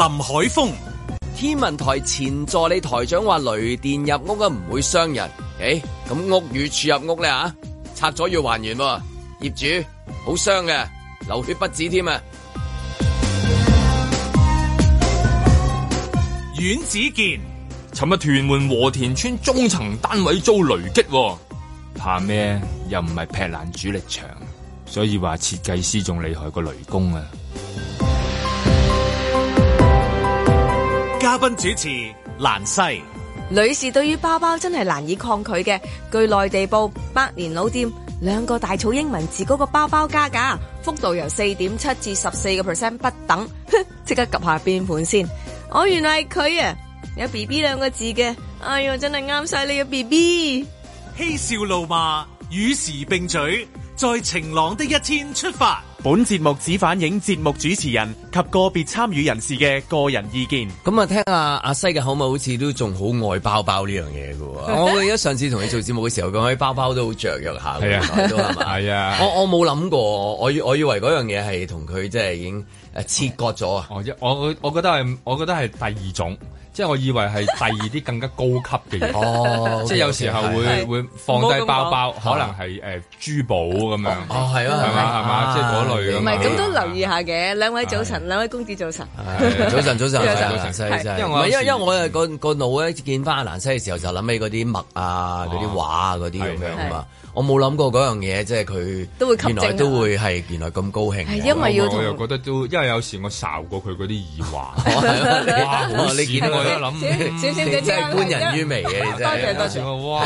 林海峰，天文台前助理台長話，雷電入屋啊，唔會傷人。誒、欸，咁屋宇署入屋咧拆咗要還原，啊，業主好傷嘅，流血不止添啊。阮子健，尋日屯門和田村中層單位遭雷擊，啊，怕咩？又唔係劈爛主力牆，所以話設計師仲厲害過雷公啊。嘉賓主持蘭西女士對於包包真係難以抗拒嘅。據內地報，百年老店兩個大草英文字嗰個包包加價幅度由四點七至十四個 percent 不等。哼，即刻及下邊款先。我、哦、原來係佢啊，有 B B 兩個字嘅。哎呦，真係啱晒你嘅 B B。嬉笑怒罵與時並進，在晴朗的一天出發。本節目只反映節目主持人及個別參與人士嘅個人意見。咁啊，聽下阿西嘅口吻，好似都仲好愛包包呢樣嘢嘅喎。 我記得上次同你做節目嘅時候，講起包包都好雀躍下。係 啊來都，係 啊是吧。 我我冇諗過，我我以為嗰樣嘢係同佢即係已經誒切割咗啊。 我我我覺得係，我覺得係第二種。即係我以為係第二啲更加高級嘅嘢， 即係有時候會會放低包包， 可能係誒珠寶咁樣。 哦，係咯，係嘛，係嘛，即係嗰類咁。唔係，咁都留意下嘅。 兩位早晨，兩位公子早晨。早晨，早晨， 早晨，係係。因為我因為我誒個個腦一見翻阿蘭西嘅時候，就諗起嗰啲墨啊，嗰啲畫啊，嗰啲咁樣啊嘛。我冇諗過嗰樣嘢，即係佢，原來都會係原來咁高興。係因為要我又覺得都，因為有時我睄過佢嗰啲耳環，哇！你見我又諗，真係觀人於微嘅，真係。多謝多謝。哇！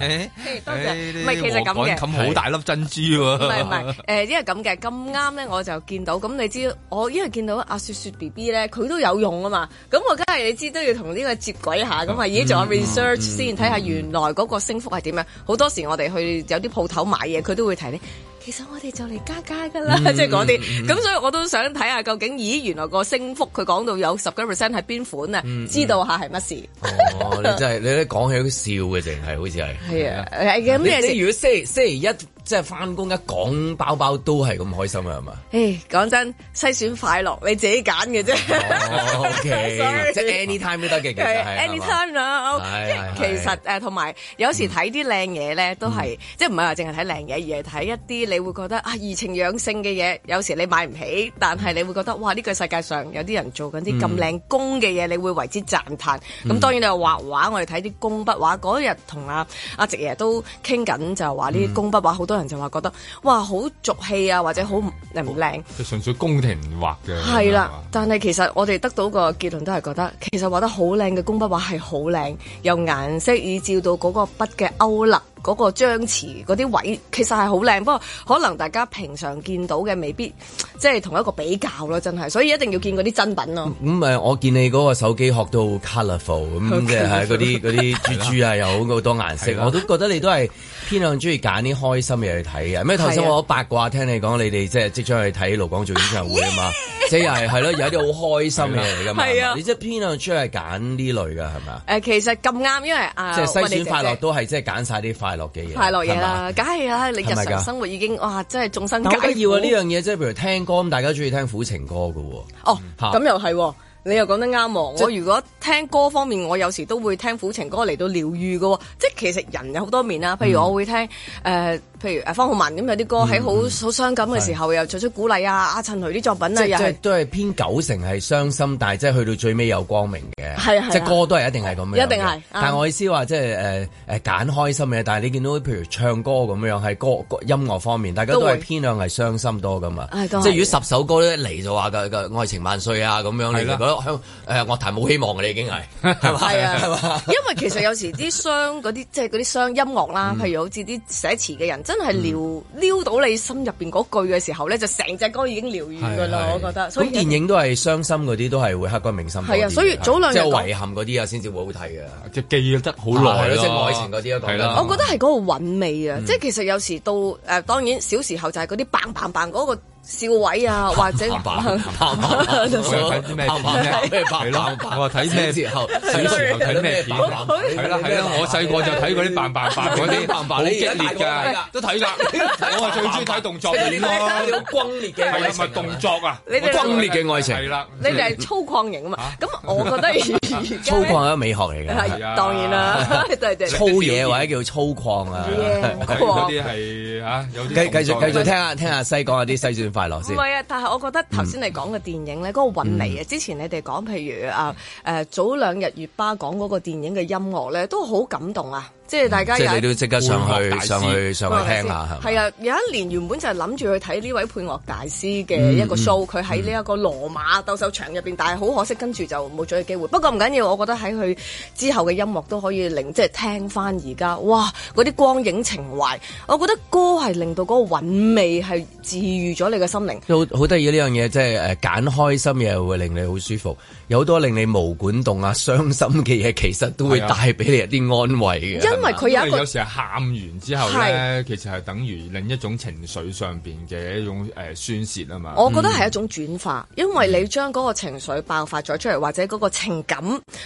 誒，多謝。唔係其實咁嘅，咁好大粒珍珠喎。唔係唔係，誒，因為咁嘅咁啱咧，我就見到咁你知，我因為見到阿雪雪 BB 咧，佢都有用啊嘛。咁我梗係你知都要同呢個接軌下噶嘛。而家做咗 research 先，睇下原來嗰個升幅係點樣。好多時我哋。佢有啲鋪頭買嘢，佢都會提咧。其實我哋就嚟加加噶啦，即係嗰啲。咁所以我都想睇下究竟，咦，原來個升幅佢講到有十幾 percent 係邊款啊？Mm -hmm. 知道下係乜事，oh？哦、 就是，你真係、yeah, 你咧講起笑嘅，淨係好似係係啊。咁你如果星期星期一？即係翻工一講包包都係咁開心嘅係嘛？誒講真篩選快樂你自己揀嘅啫，即係 anytime 都得嘅，其實 anytime 啊，其實誒同埋有時睇啲靚嘢咧，都係即係唔係話淨係睇靚嘢，而係睇一啲你會覺得啊怡情養性嘅嘢。有時你買唔起，但係你會覺得哇，呢個世界上有啲人做緊啲咁靚工嘅嘢，你會為之讚歎。咁當然你又畫畫，我哋睇啲工筆畫。嗰日同阿阿直爺都傾緊就係話呢啲工筆畫好多。有人就話覺得，哇，好俗氣啊，或者好唔靚。就、哦、純粹宮廷畫嘅係啦，但係其實我哋得到個結論都係覺得，其實畫得好靚嘅工筆畫係好靚，由顏色以至到嗰個筆嘅勾勒。嗰、那個張詞嗰啲位其實係好靚，不過可能大家平常見到嘅未必即係同一個比較咯，真係，所以一定要見嗰啲真品咯。唔、嗯、誒、嗯，我見你嗰個手機殼都好 colourful，咁、okay. 即、嗯、係嗰啲嗰啲珠珠啊，又、就、好、是、 多顏色， 我都覺得你都係偏向中意揀啲開心嘅嘢去睇嘅。咩頭先我八卦、啊、聽你講，你哋即係即將去睇盧廣仲演唱會啊嘛， 即係又係係咯，有啲好開心嘅嘢嚟㗎嘛，你即係偏向出去揀呢類㗎係咪？誒，其實咁啱，因為誒，即係篩選快樂都係即係揀晒啲快。快樂嘢啦，梗係啦，你日常生活已經是是哇，真係眾生皆要啊！呢、哦、樣嘢即係譬如聽歌咁，大家中意聽苦情歌噶喎。哦，咁、嗯啊、又係，你又講得啱喎。我如果聽歌方面，我有時都會聽苦情歌嚟到療愈噶。即係其實人有好多面啦，譬如我會聽誒。嗯呃譬如方浩文咁，有啲歌喺好好傷感嘅時候，嗯、又做出鼓勵啊，阿陳雷啲作品啊，即係都係偏九成係傷心，但係即係去到最尾有光明嘅。係係係係，即係歌都係一定係咁樣，一定係，嗯。但我意思話即係揀、呃、開心嘅，但係你見到譬如唱歌咁樣喺歌音樂方面，大家都係偏向係傷心多㗎嘛。即係如果十首歌一嚟就話嘅愛情萬歲啊咁樣，你覺得誒樂壇冇希望嘅，已經係係係，因為其實有時啲傷嗰啲，即係嗰啲傷音樂啦，嗯、譬如好似啲寫詞嘅人。真係撩、嗯、撩到你心入面嗰句嘅時候呢，就成隻歌已經撩完噶喇。我覺得。咁、那個、電影都係傷心嗰啲，都係會刻骨銘心。係啊，所以早兩日即係、就是、遺憾嗰啲、就是、啊，先至會好睇嘅，即係記得好耐咯。即係愛情嗰啲咯，係啦。我覺得係嗰個韻味啊、嗯，即係其實有時到誒、呃，當然小時候就係嗰啲「棒棒棒」嗰個。少偉啊，或者睇啲咩？係 咯，我話睇咩時候？睇 咩片？睇 啦也看， 我細個就睇嗰啲《扮扮扮》嗰啲，好 激烈㗎， 都睇看㗎的。 我係最中意睇動作片咯，轟烈嘅，係咪動作啊？轟烈嘅愛情，係啦、啊，你哋係粗獷型啊嘛。咁我覺得粗獷係一種美學嚟嘅。啊、 當然啦，哎哎粗嘢或者叫粗獷啊、哎呀，嗰啲係繼續繼續聽下聽下西講下啲西唔係啊，但係我覺得頭先你講嘅電影咧，嗰、嗯嗰個韻味啊，之前你哋講譬如啊，誒、呃、早兩日月巴講嗰個電影嘅音樂咧，都好感動啊！即係大家即係你都即刻上去上去上去聽下係啊！有一年原本就係諗住去睇呢位配樂大師嘅一個 show，佢喺呢一個羅馬鬥獸場入面。嗯、但係好可惜，跟住就冇咗個機會。不過唔緊要，我覺得喺佢之後嘅音樂都可以令即係、就是、聽翻而家哇嗰啲光影情懷。我覺得歌係令到嗰個韻味係治愈咗你嘅心靈。好得意呢樣嘢，即係揀開心嘢會令你好舒服，有好多令你無管動啊傷心嘅嘢，其實都會帶俾你一啲安慰嘅。因為佢有一個有時喊完之後咧，其實係等於另一種情緒上邊嘅一種誒宣泄啊嘛。我覺得係一種轉化，嗯，因為你將嗰個情緒爆發咗出嚟，或者嗰個情感，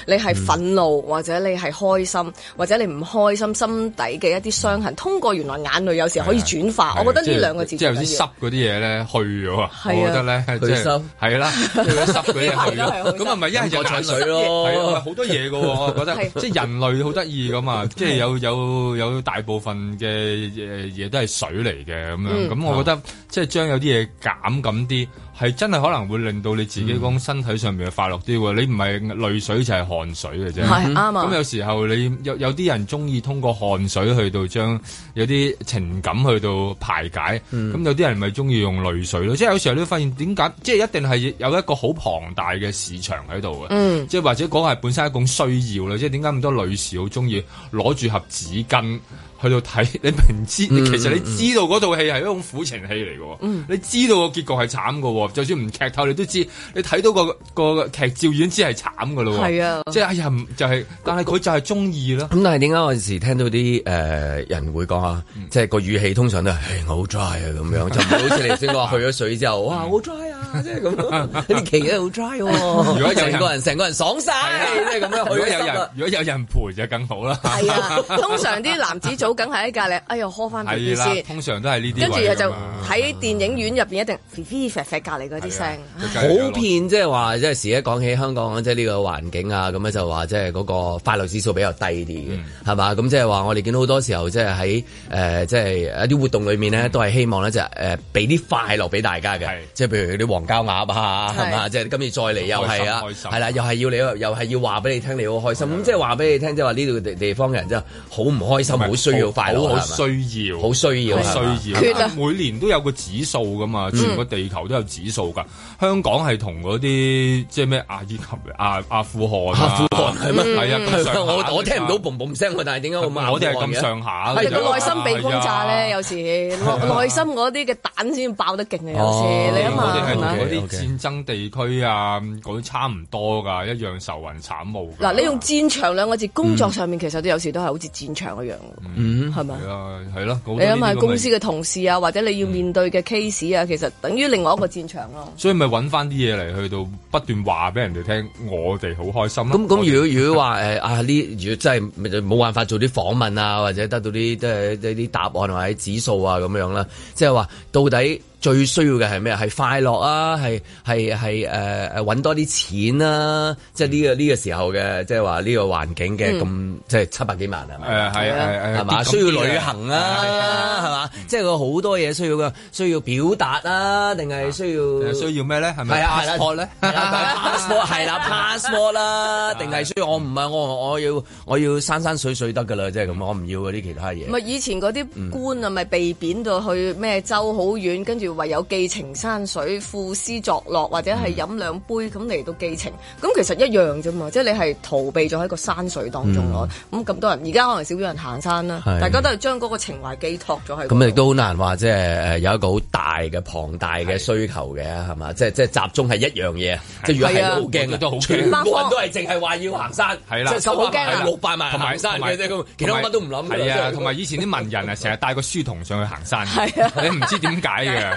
你係憤，你係憤怒或者你係開心或者你唔開心，心底嘅一啲傷痕，嗯，通過原來眼淚有時可以轉化，啊我啊啊。我覺得呢兩個字即係有啲濕嗰啲嘢咧去咗啊， 啊的。我覺得咧，係啦，濕嗰啲嘢去咗，咁啊咪一係就彩水咯，係咪好多嘢噶？我覺得即係人類好得意噶嘛，即係。有有有大部分嘅嘢都係水嚟嘅咁樣，咁我覺得、嗯、即係將有啲嘢減緊啲。係真係可能會令到你自己講身體上面嘅快樂啲喎，你唔係淚水就係、是、汗水嘅啫。係啱！咁有時候你有有啲人中意通過汗水去到將有啲情感去到排解，咁、嗯、有啲人咪中意用淚水咯。即係有時候你會發現點解，即係一定係有一個好龐大嘅市場喺度嘅。即、嗯、係或者講係本身係一種需要啦。即係點解咁多女士好中意攞住盒紙巾？去到睇你明知、嗯，其實你知道嗰套戲係一種苦情戲嚟嘅，你知道個結局係慘嘅，就算唔劇透你都知，你睇到個個劇照已經知係慘嘅咯。係啊，即係哎呀，就係、是，但係佢就係中意啦。咁但係點解有時候聽到啲誒、呃、人會講啊，即係個語氣通常都係好、hey, dry 啊咁樣， 就唔係好似你先話去咗水之後， 哇好 dry 啊，即係咁，啲其他好 dry，啊。如果有人成 個個人爽晒，即係咁樣。如果， 如果有人，如果有人陪就更好啦。係啊，通常啲男子做。梗係喺隔籬，哎呀，呵翻俾你先。通常都係呢啲。跟住就喺電影院入邊一定飛飛吠吠隔籬嗰啲聲。普遍即係話，即係 時而講起香港即係呢個環境啊，咁咧就話即係嗰個快樂指數比較低啲嘅，係、嗯、嘛？咁即係話我哋見到好多時候即係喺誒即係一啲活動裏面呢、嗯，都係希望咧就誒俾啲快樂俾大家嘅。即係譬如啲黃膠鴨啊，係嘛？即係、就是、今次再嚟又係啊，係啦，又係要你又係要話俾你聽你好開心。咁即係話俾你聽，即係話呢度地方嘅人真係好唔開心，好衰。好需要，好需要，需要。每年都有個指數噶嘛、嗯，全個地球都有指數噶。香港係同嗰啲即係咩阿爾及阿阿富汗啊，係啊，係啊。我我聽唔到嘣嘣聲，但係點解會咁？我哋係咁上下，係個內心被轟炸咧。有時內心嗰啲嘅彈先爆得勁嘅，有時你諗下，嗰啲戰爭地區啊，嗰啲差唔多㗎，一樣愁雲慘霧。嗱、啊，你用戰場兩個字、嗯，工作上面其實都有時都係好似戰場一樣。嗯嗯，係咪？係啊，係咯。你諗下公司嘅同事啊，或者你要面對嘅 case 啊，其實等於另外一個戰場咯。所以咪揾翻啲嘢嚟去到不斷話俾人哋聽，我哋好開心。咁咁，如果如果話誒啊呢，如果真係冇辦法做啲訪問啊，或者得到啲即係啲答案或者指數啊咁樣啦，即係話到底。最需要嘅係咩？係快樂啊！係係係誒誒揾多啲錢啊，即係、呢個、呢個呢、呢個時候嘅、就是嗯，即係話呢個環境嘅咁，即係七百幾萬係咪？係係係嘛？需要旅行啊？係嘛？即係佢好多嘢需要嘅，需要表達啊？定係需要、啊、需要咩咧？係咪係 passport 啦，passport 啦，定係、啊啊啊啊啊 啊啊、 需要我唔係我我要我要，我要山山水水得㗎啦！即係咁，我唔要嗰啲其他嘢。唔係以前嗰啲官係咪被貶到去咩州好遠跟住。唯有寄情山水、賦詩作樂，或者係飲兩杯咁嚟到寄情，咁、嗯、其實一樣啫嘛，即係你係逃避咗喺個山水當中囉。咁、嗯、咁多人而家可能少啲人行山啦，大家都係將嗰個情懷寄託咗喺。咁亦都難話，即係誒有一個好大嘅龐大嘅需求嘅，係嘛？即係即係集中係一樣嘢。即係如果係好驚，全部人都係淨係話要行山，係啦，即係好驚啊，六百萬同埋山。其他乜都唔諗。係啊，同埋以前啲文人啊，成日帶個書童上去行山。係啊，你唔知點解嘅。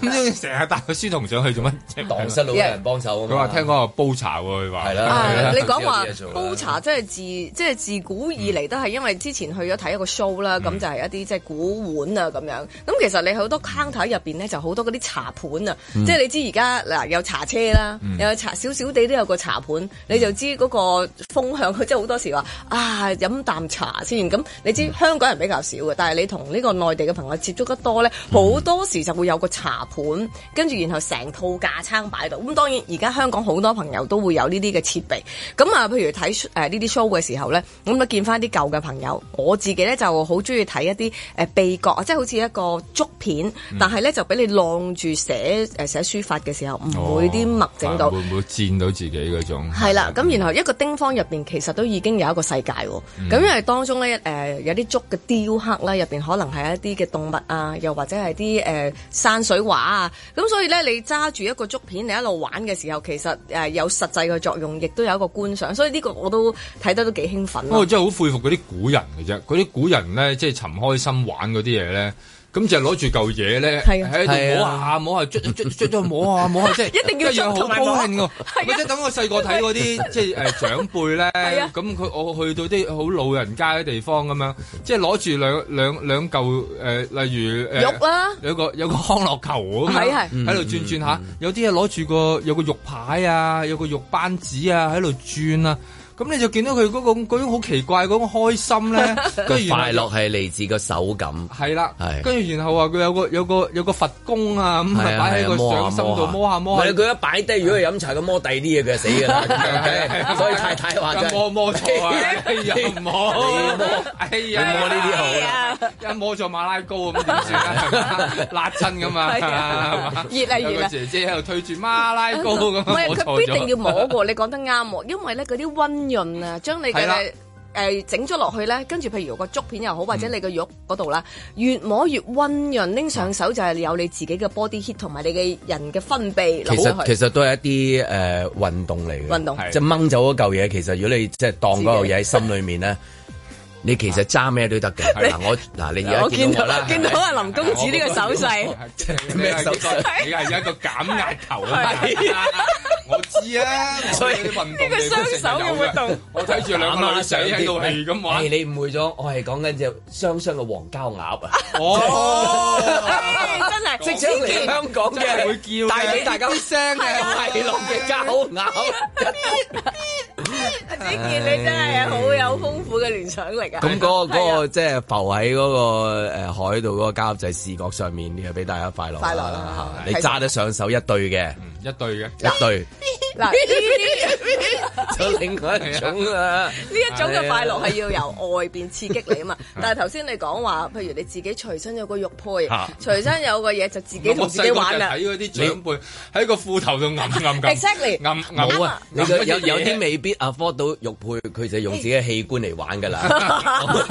咁你成日帶個書童上去做乜？即係蕩失路有人幫手。佢話聽講話煲茶喎，佢話係啦。你講話煲茶真係自，即係自古以嚟都係，因為之前去咗睇一個 show 啦、嗯，咁就係一啲即係古玩啊咁樣。咁、嗯、其實你好多 counter 入面咧、嗯，就好多嗰啲茶盤啊。即係你知而家嗱有茶車啦、嗯，有茶少少地都有個茶盤，嗯、你就知嗰個風向。佢即係好多時話啊，飲啖茶先。咁你知香港人比較少嘅，但係你同呢個內地嘅朋友接觸得多咧，好、嗯、多時就會有。個茶盤，跟住然後成套架撐擺喺度。咁當然而家香港好多朋友都會有呢啲嘅設備。咁啊，譬如睇誒呢啲 show 嘅時候咧，咁啊見翻啲舊嘅朋友。我自己咧就好中意睇一啲誒鼻角啊，即係好似一個竹片，嗯、但係咧就俾你晾住寫誒寫書法嘅時候，唔、哦、會啲墨整到，會唔會濺到自己嗰種？係啦，咁然後一個丁方入邊其實都已經有一個世界。咁、嗯、因為當中咧誒、呃、有啲竹嘅雕刻啦，入邊可能係一啲嘅動物啊，又或者係啲誒。呃山水畫啊，咁所以咧，你揸住一個竹片，你一路玩嘅時候，其實誒有實際嘅作用，亦都有一個觀賞，所以呢個我都睇得都幾興奮咯。我真係好佩服嗰啲古人嘅啫，嗰啲古人咧，即係尋開心玩嗰啲嘢咧。咁就係攞住嚿嘢咧，喺度、啊、摸下摸下，轉轉轉轉摸下摸，下摸一下，即 係一樣好、 就是就是、高興噶。或 者、啊就是、等我細個睇嗰啲，即係誒、啊、長輩咧，咁佢我去到啲好老人家嘅地方咁樣，即係攞住兩兩兩嚿誒，例如誒，玉啦、呃啊，有個有個康樂球啊喺度轉轉下。嗯、有啲係攞住個有個玉牌啊，有個玉扳子啊，喺度轉啊。咁你就見到佢嗰、嗰個嗰種好奇怪嗰個開心呢，跟 住快樂係嚟自個手感，係啦，跟住、啊、然後話佢有個有個有個佛公啊，咁係擺喺個掌心度、啊啊、摸下摸下。佢一擺低如果係飲茶咁摸第啲嘢，佢就死㗎、 啊啊。所以太太話：咁摸摸摸啊！哎呀唔摸， 摸，摸哎呀摸呢啲好，一、哎、摸咗馬拉糕咁點算啊？辣親㗎嘛。熱嚟熱去，個姐姐喺度推住馬拉糕咁摸錯咗。佢必定要摸過，你講得啱喎，因為咧嗰啲溫。潤啊，將你嘅誒整咗落去咧，跟住譬如個竹片又好，或者你個肉嗰度啦，越摸越溫潤，拎上手就係有你自己嘅 body heat 同埋你嘅人嘅分泌。其實其實都係一啲誒運動嚟嘅，運動即係掹走嗰嚿嘢。其實如果你即係當嗰嚿嘢喺心裏面咧，你其實揸咩都得嘅。嗱，我嗱你而家見到我啦，見到阿林公子呢個手勢咩手勢？你係一個減壓頭啦。我知啊，所以，呢個雙手嘅活動，我睇住兩媽上喺度係咁話。係你誤會咗，我係講緊隻雙雙嘅黃膠鴨啊！哦，真係，即係啲香港嘅會叫，帶俾大家啲聲嘅快樂嘅膠鴨。阿子健，你真係好有豐富嘅聯想力啊！咁嗰個嗰個即係浮喺嗰個誒海度嗰個膠就係視覺上面，又俾大家快樂啦嚇。你揸得上手一對嘅，一對嘅，一對。嗱 另外一種啊，呢、啊啊啊、一種嘅快樂係要由外邊刺激你啊嘛。啊但係頭先你講話，譬如你自己隨身有個玉佩、啊，隨身有個嘢就自己同、啊、自己玩啦。我細個就睇嗰啲長輩喺個褲頭度揞揞揞，揞 揞、exactly，啊！有有啲未必啊，afford 到玉佩，佢就用自己嘅器官嚟玩噶啦。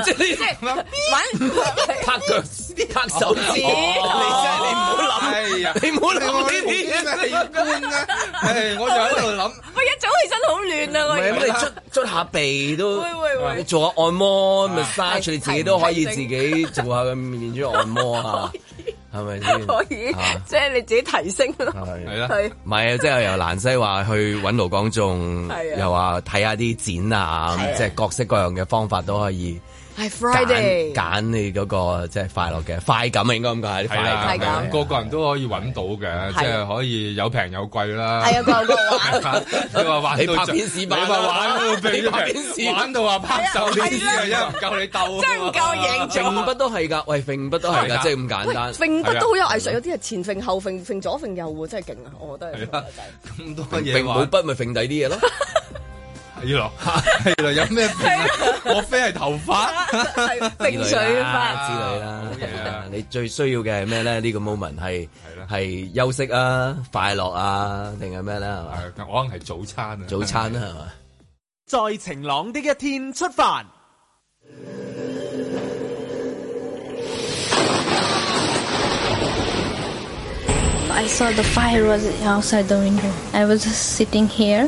即係呢玩拍腳、拍手指，哦、你唔好諗你唔好理我啲器官啊！哎 我就喺度諗，我一早起身好亂啊！喂，咁，你捽捽下鼻都，喂，你做下按摩咪，沙出、啊、你自己都可以自己做下嘅面珠按摩啊，係咪先？可以，即係、啊就是、你自己提升咯。係啦，係。唔係啊，即係、啊啊啊啊就是、由蘭西話去揾老廣眾，又話睇下啲展啊，即係、啊就是、各式各樣嘅方法都可以。係揀揀你嗰個即係快樂嘅快感啊，應該咁解啲快感，個個人都可以揾到嘅，即係、就是、可以有平有貴啦。係啊，個個你話話你拍電視版，話玩，是 玩到，你拍電視、啊啊，玩到話拍收啲嘢，因為唔夠你鬥、啊是，真係唔夠影、啊。揈、啊、筆都係㗎，喂，揈筆都係㗎，即係咁簡單。揈筆都好有藝術，是有啲係前揈後揈，揈左揈右，真係勁啊！我覺得。咁多嘢，冇筆咪揈底啲嘢咯。娛樂吓，係啦，有咩、啊？ 我非係頭發，冰水發之類啦。你最需要嘅係咩咧？呢、這個 moment 係係休息啊，快樂啊，定係咩咧？係嘛？我可能係早餐啊，早餐啦、啊，係嘛？在晴朗的一天出發。I saw the fire was outside the window. I was sitting here.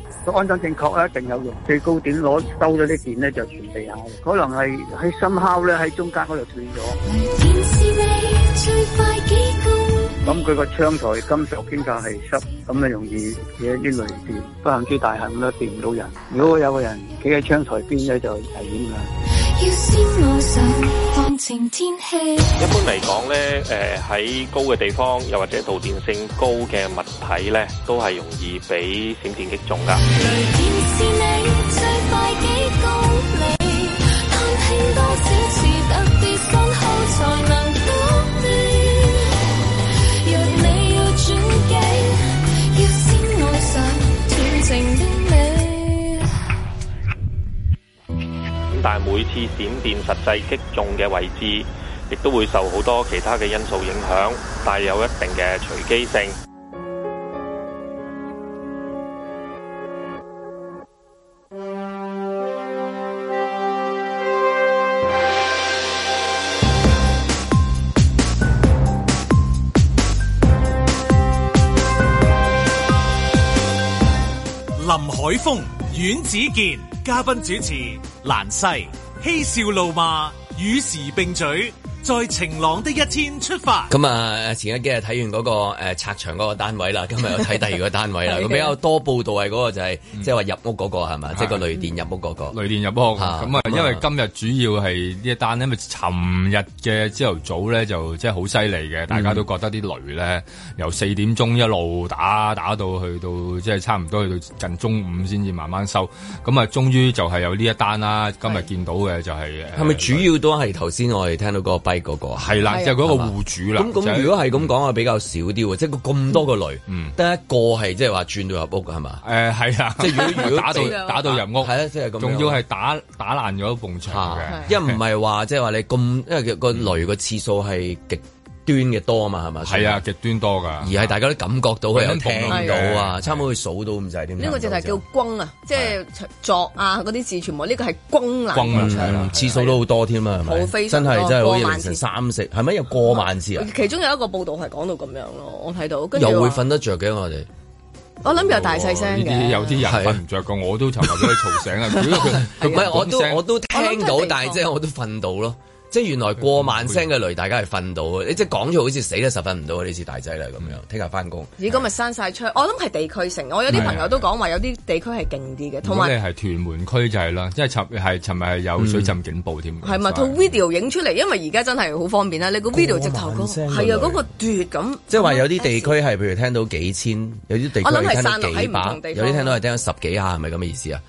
個安裝正確，一定有用。最高點攞收咗啲電呢，就傳地下。可能係喺深烤呢，喺中間嗰度斷咗。 咁佢個窗台金屬邊架係濕，咁啊，容易嘢，啲雷電不幸之大幸都掂唔到人。如果有個人企喺窗台邊咧，就危險㗎。一般嚟講咧，誒、呃、喺高嘅地方，又或者導電性高嘅物體咧，都係容易俾閃電擊中㗎。雷但每次閃電實際擊中嘅位置，亦都會受好多其他嘅因素影響，帶有一定嘅隨機性。林海峰。阮子健嘉賓主持，蘭西嬉笑怒罵，與時並舉。在晴朗的一天出發。咁啊，前一幾日睇完嗰、那個誒、呃、拆牆嗰個單位啦，今日又睇第二個單位啦。個 比較多報道係嗰個就係、是，即係話入屋嗰、那個係嘛，即係、嗯就是、個雷電入屋嗰、那個。雷電入屋、那個。咁、嗯、啊、嗯，因為今日主要係呢一單因為尋日嘅朝頭早咧就即係好犀利嘅，大家都覺得啲雷咧由四點鐘一路打打到去到即係、就是、差唔多去到近中午先至慢慢收。咁啊，終於就係有呢一單啦。今日見到嘅就係係咪主要都係頭先我哋聽到個。嗰、那個係啦，就嗰、是、個戶主啦。咁咁、就是、如果係咁講話，比較少啲喎。即係咁多個雷，得、嗯、一個係即係話轉到入屋係嘛？係、呃、啊，即、就、係、是、如果如果打到 打到入屋，係啊，即係咁。仲要係打打爛咗一埲牆嘅，一唔係話即係話你咁，因為個、嗯、雷個次數係極端嘅多啊嘛，係咪？係啊，極端多噶。而係大家都感覺到佢有聽到啊，啊啊啊啊差唔多佢數到唔使點。呢、呢個就係叫轟啊，啊即係作啊嗰啲、啊啊、字全部。呢個係轟嚟、啊。轟、啊啊、次數都好多添啊！咪、啊啊啊啊？真係真係可以成三四，係咪有過萬次啊，啊？其中有一個報道係講到咁樣咯，我睇到。又會瞓得着嘅我哋。我諗又大細聲嘅。啊、些有啲人瞓唔着嘅，我都尋日俾你吵醒 啊！唔係我都我都聽到，但係即係我都瞓到咯。 即係原來過萬聲嘅雷，大家係瞓到嘅。你即係講住好似死得十分唔到，呢次大劑啦咁樣。聽日翻工，咦、嗯，家咪閂晒窗。我諗係地區性，我有啲朋友都講話有啲地區係勁啲嘅，同埋係屯門區就係啦。即係尋係日係有水浸警報添。係咪套 video 影出嚟？因為而家真係好方便啦。你個 video 直頭，係啊，嗰個奪咁。即係話有啲地區係譬如聽到幾千，有啲地區幾我諗係山麓喺唔同地方，有啲聽到係聽到十幾下，係咪咁嘅意思啊？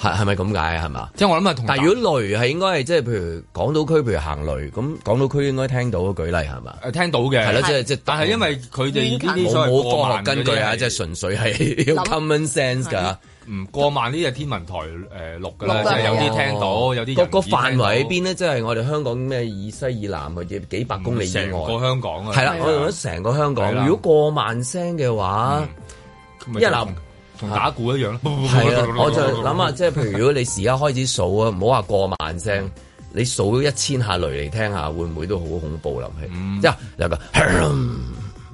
係係咪咁解啊？係嘛，即係我諗下，同。但如果雷係應該係即係，譬如港島區，譬如行雷咁，港島區應該聽，聽、， 呃就是、聽到，舉例係嘛？誒，聽到嘅係咯，即係即但係因為佢哋呢啲冇冇科學根據啊，即係純粹係 common sense 噶。嗯，過萬呢就天文台誒錄噶啦，有啲聽到，有啲。那個個範圍喺邊呢，即係我哋香港咩以西以南或者幾百公里之外整個香港啊？係啦，我諗成個香港。如果過萬聲嘅話，一.同打鼓一樣咯，係啊，啊！我就諗下，即係譬如如果你時間開始數啊，唔好話過萬聲，你數一千下雷嚟聽下，會唔會都好恐怖諗起？一兩個。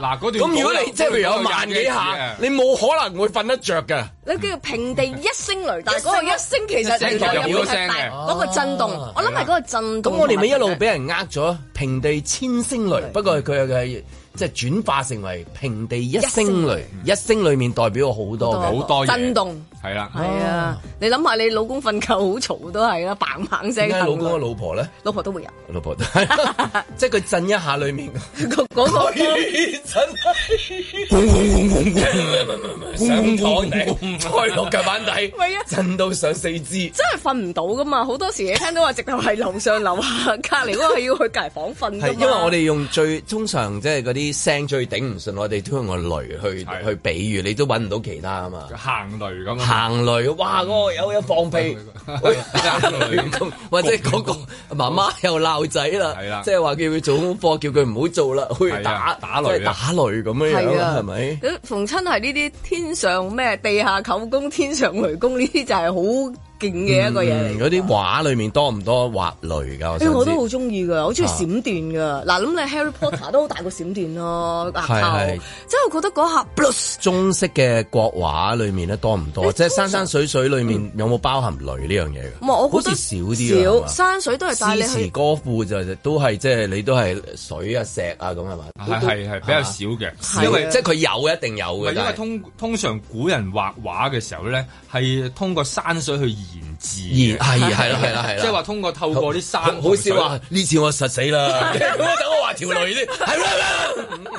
嗱，嗰段咁如果你即係有萬幾下，啊、你冇可能會瞓得着㗎。你叫做平地一聲雷， 但係嗰個一聲其實係有好大嗰個震動。啊、我諗係嗰個震動。咁我哋咪一路俾人呃咗平地千聲雷。不過佢係佢即係轉化成為平地一聲雷，一聲裏面代表好多嘅，好多震動，係啦，係、哦、啊，你諗下，你老公瞓覺好嘈都係啦，砰砰聲。阿老公嘅老婆咧，老婆都會有，老婆即係佢震一下裏面，嗰個地震，嗡嗡開落腳板底， 床底， 腿底、 啊，震到上四肢，真係瞓唔到噶嘛，好多時你聽到話直頭係樓上樓下，隔籬嗰個係要去隔籬房瞓㗎嘛。因為我哋用最通常即係嗰啲。啲聲最頂唔順，我哋都用個雷去去比喻，你都揾唔到其他啊嘛。行雷咁，行雷，哇！嗰個有一放屁， 雷樣 或者嗰個媽媽又鬧仔啦，即係話叫佢做功課，叫佢唔好做啦，好似打打雷，打雷咁、就係、樣，係咪？逢親係呢啲天上咩地下舅公、天上雷公呢啲就係好。嘅一個嘢、嗯，嗰啲畫裏面多唔多畫雷㗎？誒，我都好中意㗎，好中意閃電㗎。嗱、啊啊，咁你 Harry Potter 都好大個閃電咯、啊，額係即係我覺得嗰下。中式嘅國畫裏面咧多唔多？即係山山水水裏面有冇包含雷呢樣嘢嘅？唔、嗯、我覺得少啲。少山水都係。詩詞歌賦就都係即係你都係水啊石啊咁，係嘛？係係係比較少嘅、啊，因為即係佢有一定有嘅。因為通通常古人畫畫嘅時候咧，係通過山水去移。自然，係係啦係啦，即係話通過透過啲山，好少話呢次我實死啦。等 我畫條雷先，係 啦，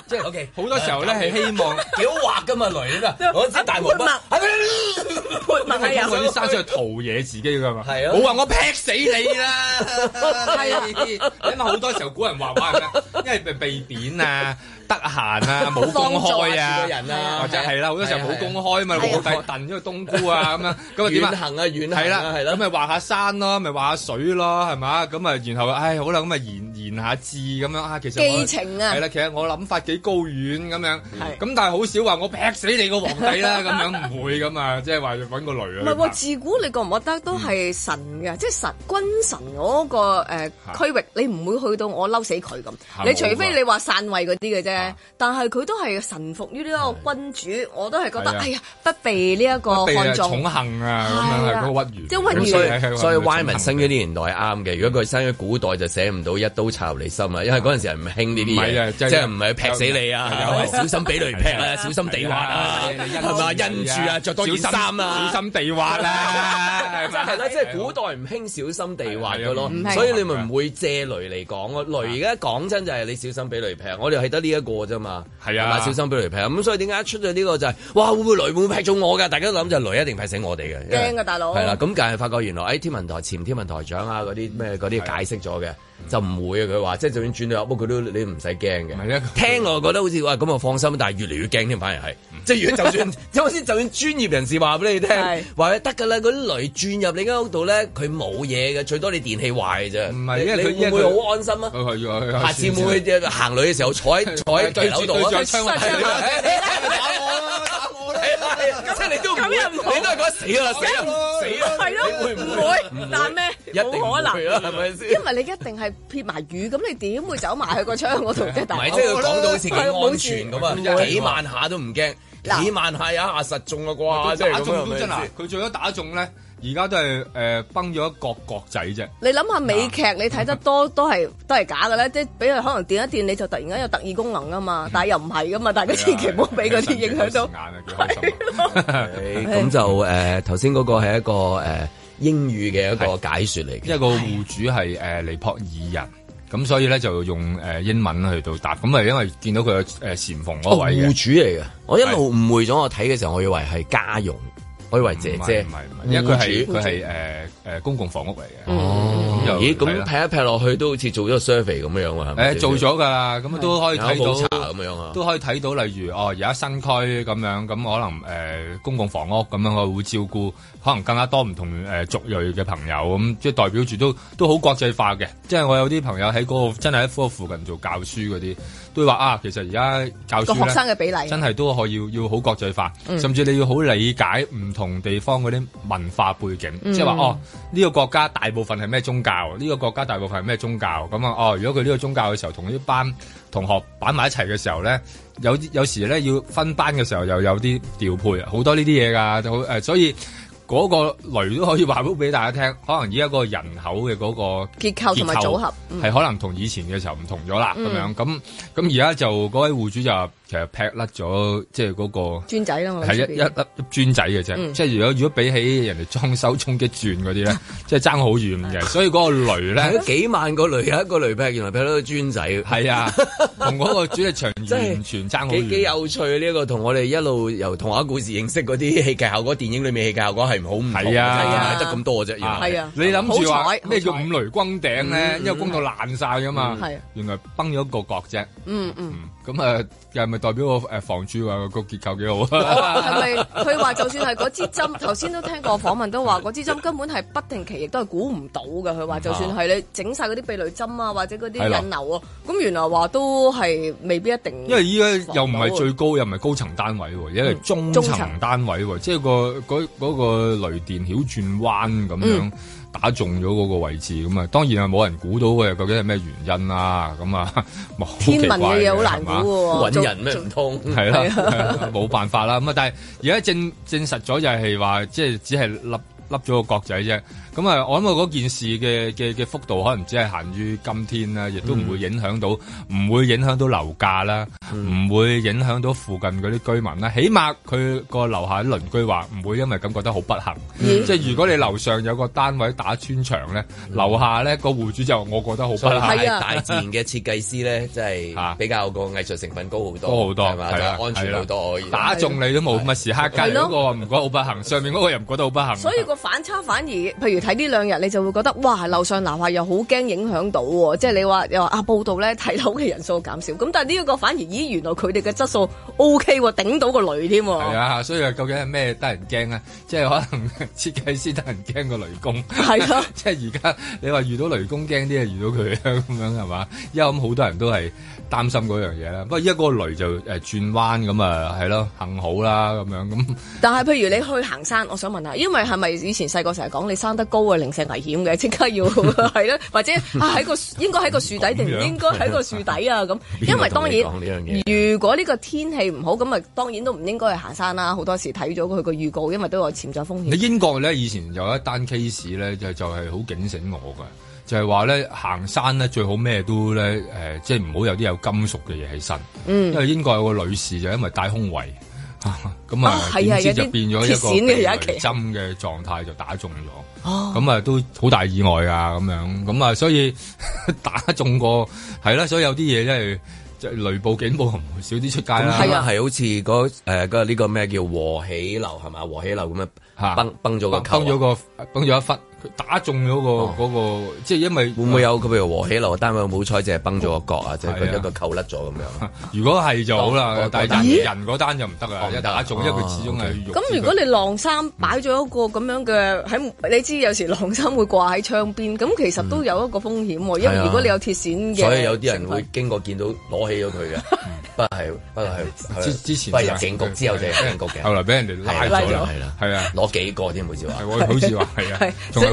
即係 OK。好多時候咧係希望幾好畫噶嘛，雷啦，我知大黃蜂，係咪？咪係啲山上去陶冶自己㗎嘛？係咯、啊，我話我劈死你啦！因為好多時候古人畫畫係咪？因為被被貶啊。得閒啊，冇公開啊，人啊，或者係啦，好多時候冇公開啊嘛，皇帝燉咗個冬菇啊咁樣，咁啊點啊？遠行啊，遠係啦係啦，咁咪畫下山咯，咪畫下水咯，係咪？咁啊，然後唉，好啦，咁啊，言言下字咁樣啊，其實寄情啊，係啦，其實我諗法幾高遠咁樣，咁但係好少話我劈死你個皇帝啦，咁樣唔會咁啊，即係話揾個女啊！唔係喎，自古你覺唔覺得都係神嘅，即係神君神嗰個誒區域，你唔會去到我嬲死佢咁，你除非你話散位嗰啲嘅啫。啊、但係佢都係臣服於呢一個君主，我都係覺得，哎呀，不被呢一個漢族寵幸啊，咁樣係嗰屈原。即、就、係、是、所以歪文生於呢年代係啱嘅。如果佢生於古代，就寫唔到一刀插入你心啊，因為嗰陣時人唔興呢啲嘢，即係唔係劈死你啊？小心俾雷劈啊！小心地滑啊！係咪？韌住啊！着、啊、多件衫啊！小心地滑啦、啊！係啦，即係古代唔興小心地滑嘅咯，所以你咪唔會借雷嚟講咯。雷而家講真就係你小心俾雷劈，我哋係得呢一過啫嘛，係啊，小心俾雷劈啊！咁所以點解一出咗呢個就係、是，哇，會唔會雷會唔會劈中我噶？大家都諗就雷一定劈死我哋嘅，驚噶大佬。係啦，咁但係發覺原來，誒，天文台前天文台長啊，嗰啲咩嗰啲解釋咗嘅，就唔會啊！佢、嗯、話即係就算轉到，入屋佢都你唔使驚嘅。聽我覺得好似哇，咁我放心，但係越嚟越驚添，反而係。即係，就算有時，就算專業人士話俾你聽，話佢得㗎啦。嗰啲雷轉入你間屋度咧，佢冇嘢嘅，最多你電器壞嘅啫。唔係，你會唔會好安心啊？下次會行雷嘅時候坐，坐喺坐喺對樓度啊！對住窗啊！你咧打我啦！打我啦！即係你都咁樣你都係覺得死啦！死啊！死啊！係咯，會唔會？但咩？冇可能啊！係咪先？因為你一定係撇埋雨，咁你點會走埋去個窗嗰度即係，即係佢講到好似安全咁啊！幾萬下都唔驚。幾萬係啊！實中嘅啩，即係打中真啊！佢最咗打中咧，而家都係誒、呃、崩咗一角角仔啫。你諗下美劇，你睇得多都係都係假嘅咧，即係俾佢可能掂一掂，你就突然間有特異功能啊嘛， 但係又唔係噶嘛， 大家千祈唔好俾嗰啲影響到。咁就誒，頭先嗰個係一個誒、呃、英語嘅一個解說嚟嘅，因為個戶主係誒、呃、尼泊爾人。咁所以咧就用誒英文去到答，咁咪因為見到佢嘅誒縫縫嗰位戶、哦、主嚟嘅，我一路誤會咗，我睇嘅時候，我以為係家用，我以為姐姐，唔係，唔係，因為佢係佢係誒。公共房屋嚟嘅，哦、嗯嗯，咦，咁、嗯、劈一劈落去都好似做咗 survey 咁樣喎，係咪？做咗㗎，咁都可以睇到，咁啊，都可以睇到，有有到例如哦，而家新區咁樣，咁、嗯、可能、呃、公共房屋咁樣，我會照顧可能更加多唔同、呃、族裔嘅朋友，咁、嗯、即係代表住都都好國際化嘅。即係我有啲朋友喺嗰、那個真係喺科附近做教書嗰啲，都話啊，其實而家教書、那個、學生嘅比例、啊、真係都可以要要好國際化、嗯，甚至你要好理解唔同地方嗰啲文化背景，嗯、即係話哦。呢個國家大部分係咩宗教？呢個國家大部分係咩宗教？咁啊哦，如果佢呢個宗教嘅時候，同呢班同學擺埋一齊嘅時候咧，有有時咧要分班嘅時候，又有啲調配啊，好多呢啲嘢噶，就誒，所以嗰個雷都可以話到俾大家聽，可能而家個人口嘅嗰個結構同埋組合係可能同以前嘅時候唔同咗啦，嗯，咁樣，咁咁而家就嗰位戶主就。其實劈甩咗，即係嗰、那個磚仔咯，係一一粒磚仔嘅啫，嗯。即係如果如果比起人哋裝手衝擊鑽嗰啲咧， 即係爭好遠嘅。 所以嗰個雷咧，啊，幾萬個雷有一個雷劈，原來劈到個磚仔。係啊，同嗰個主力牆 完全爭好遠。幾有趣呢，這個，同我哋一路由童話故事認識嗰啲戲劇效果，電影裏面戲劇效果係唔好唔同的。係啊，得咁多嘅啫。係啊，啊，啊，你諗住話咩叫五雷轟頂咧？因為轟到爛晒噶嘛。係、嗯啊，原來崩咗個角啫。嗯嗯。嗯咁、嗯、啊，係咪代表個誒房主話個結構幾好啊？係咪佢話就算係嗰支針，頭先都聽過訪問都話嗰支針根本係不定期，亦都係估唔到㗎。佢話就算係你整晒嗰啲避雷針啊，或者嗰啲引流啊，咁原來話都係未必一定。因為依家又唔係最高，又唔係高層單位，而係中層單位，嗯、即係個嗰個雷電曉轉彎咁樣。嗯打中咗嗰個位置咁啊，當然係冇人估到佢究竟係咩原因啦、啊。咁 啊，天文嘅嘢好難估喎，揾人咩唔通係啦，冇、啊啊、 辦法啦。咁啊，但係而家證證實咗就係話，即係只係粒。凹咗個角仔啫，咁啊，我諗個嗰件事嘅嘅嘅幅度可能只係限於今天啦，亦都唔會影響到，唔、嗯、會影響到樓價啦，唔、嗯、會影響到附近嗰啲居民啦。起碼佢個樓下鄰居話唔會因為咁覺得好不幸。即係如果你樓上有個單位打穿牆咧、嗯，樓下咧、嗯嗰個戶主就我覺得好不幸。大自然嘅設計師咧，真、就、係、是、比較個藝術成分高好多好多係啊，安全好多可以打中你都冇，乜時刻雞嗰個唔覺得好不幸，上面嗰個又唔覺得好不幸。 所以、那個。反差反而，譬如睇呢兩日，你就會覺得哇，樓上樓下又好驚影響到喎，即係你話又話啊，報道咧睇樓嘅人數減少，咁但係呢個反而咦，原來佢哋嘅質素 O K 喎，頂到個雷添喎。係啊，所以究竟係咩得人驚啊？即係可能設計師得人驚個雷公，係啊， 即係而家你話遇到雷公驚啲啊，就遇到佢咁樣係嘛？因為咁好多人都係。擔心嗰樣嘢啦，不過依家嗰個雷就誒轉彎咁啊，係、呃、咯，幸好啦咁樣咁。但係譬如你去行山，我想問下，因為係咪以前細個成日講你生得高啊零舍危險嘅，即刻要係咯， 或者啊喺個應該喺個樹底定唔應該喺個樹底啊咁？因為當然呢如果呢個天氣唔好咁啊，當然都唔應該去行山啦、啊。好多時睇咗佢個預告，因為都有潛在風險。你英國咧以前有一單 case 咧就就係好警醒我噶。就係話咧行山咧最好咩都咧誒、呃，即係唔好有啲有金屬嘅嘢喺身、嗯，因為英國有個女士就因為戴胸圍，咁、哦、啊，點知就變咗一個針嘅狀態就打中咗，咁、哦、啊都好大意外啊咁樣，咁啊所以 打中過係啦、啊，所以有啲嘢即係雷暴警報，少啲出街啦，係、嗯、啊，係好似嗰誒嗰個呢、呃這個咩叫和喜樓係嘛，和喜樓咁樣崩崩咗個崩咗個崩咗一忽。打中咗個嗰個，哦、即係因為會唔會有佢譬如和起樓？單，但係好彩，淨係崩咗個角啊，即、哦、係一個扣甩咗咁樣。如果係就好啦、哦，但係人嗰單就唔得啊，哦、一打中，因為佢始終係咁。Okay、如果你晾衫擺咗一個咁樣嘅喺，你知有時晾衫會掛喺窗邊，咁其實都有一個風險、嗯，因為如果你有鐵線嘅，所以有啲人會經過見到攞起咗佢嘅，不係不係之之前、就是、警局之後就係警局嘅， 後來俾人哋拉咗，係啦係啊，攞幾個添，好似話好似話係啊，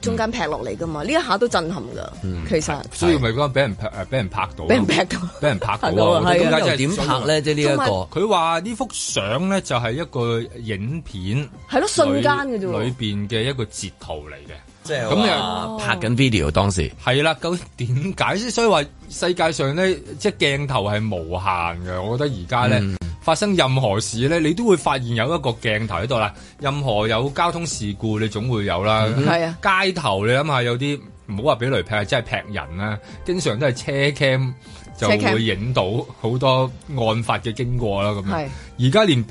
中間劈落嚟噶嘛？呢、嗯、一下都震撼噶、嗯，其實所以咪講俾人拍誒，俾人拍到，俾人劈到，俾人拍到咯。咁解即係點拍咧？即 係呢一、這個。佢話呢幅相咧就係一個影片係咯，瞬間嘅啫，裏邊嘅一個截圖嚟嘅。咁、就、又、是哦、拍緊 video 當時係啦。咁點解先？所以話世界上咧，即係鏡頭係無限嘅。我覺得而家咧發生任何事咧，你都會發現有一個鏡頭喺度啦。任何有交通事故，你總會有啦。嗯、啊，街頭你諗下，有啲唔好話俾雷劈，係真係劈人啦。經常都係車 cam 就會影到好多案發嘅經過啦。咁樣而家連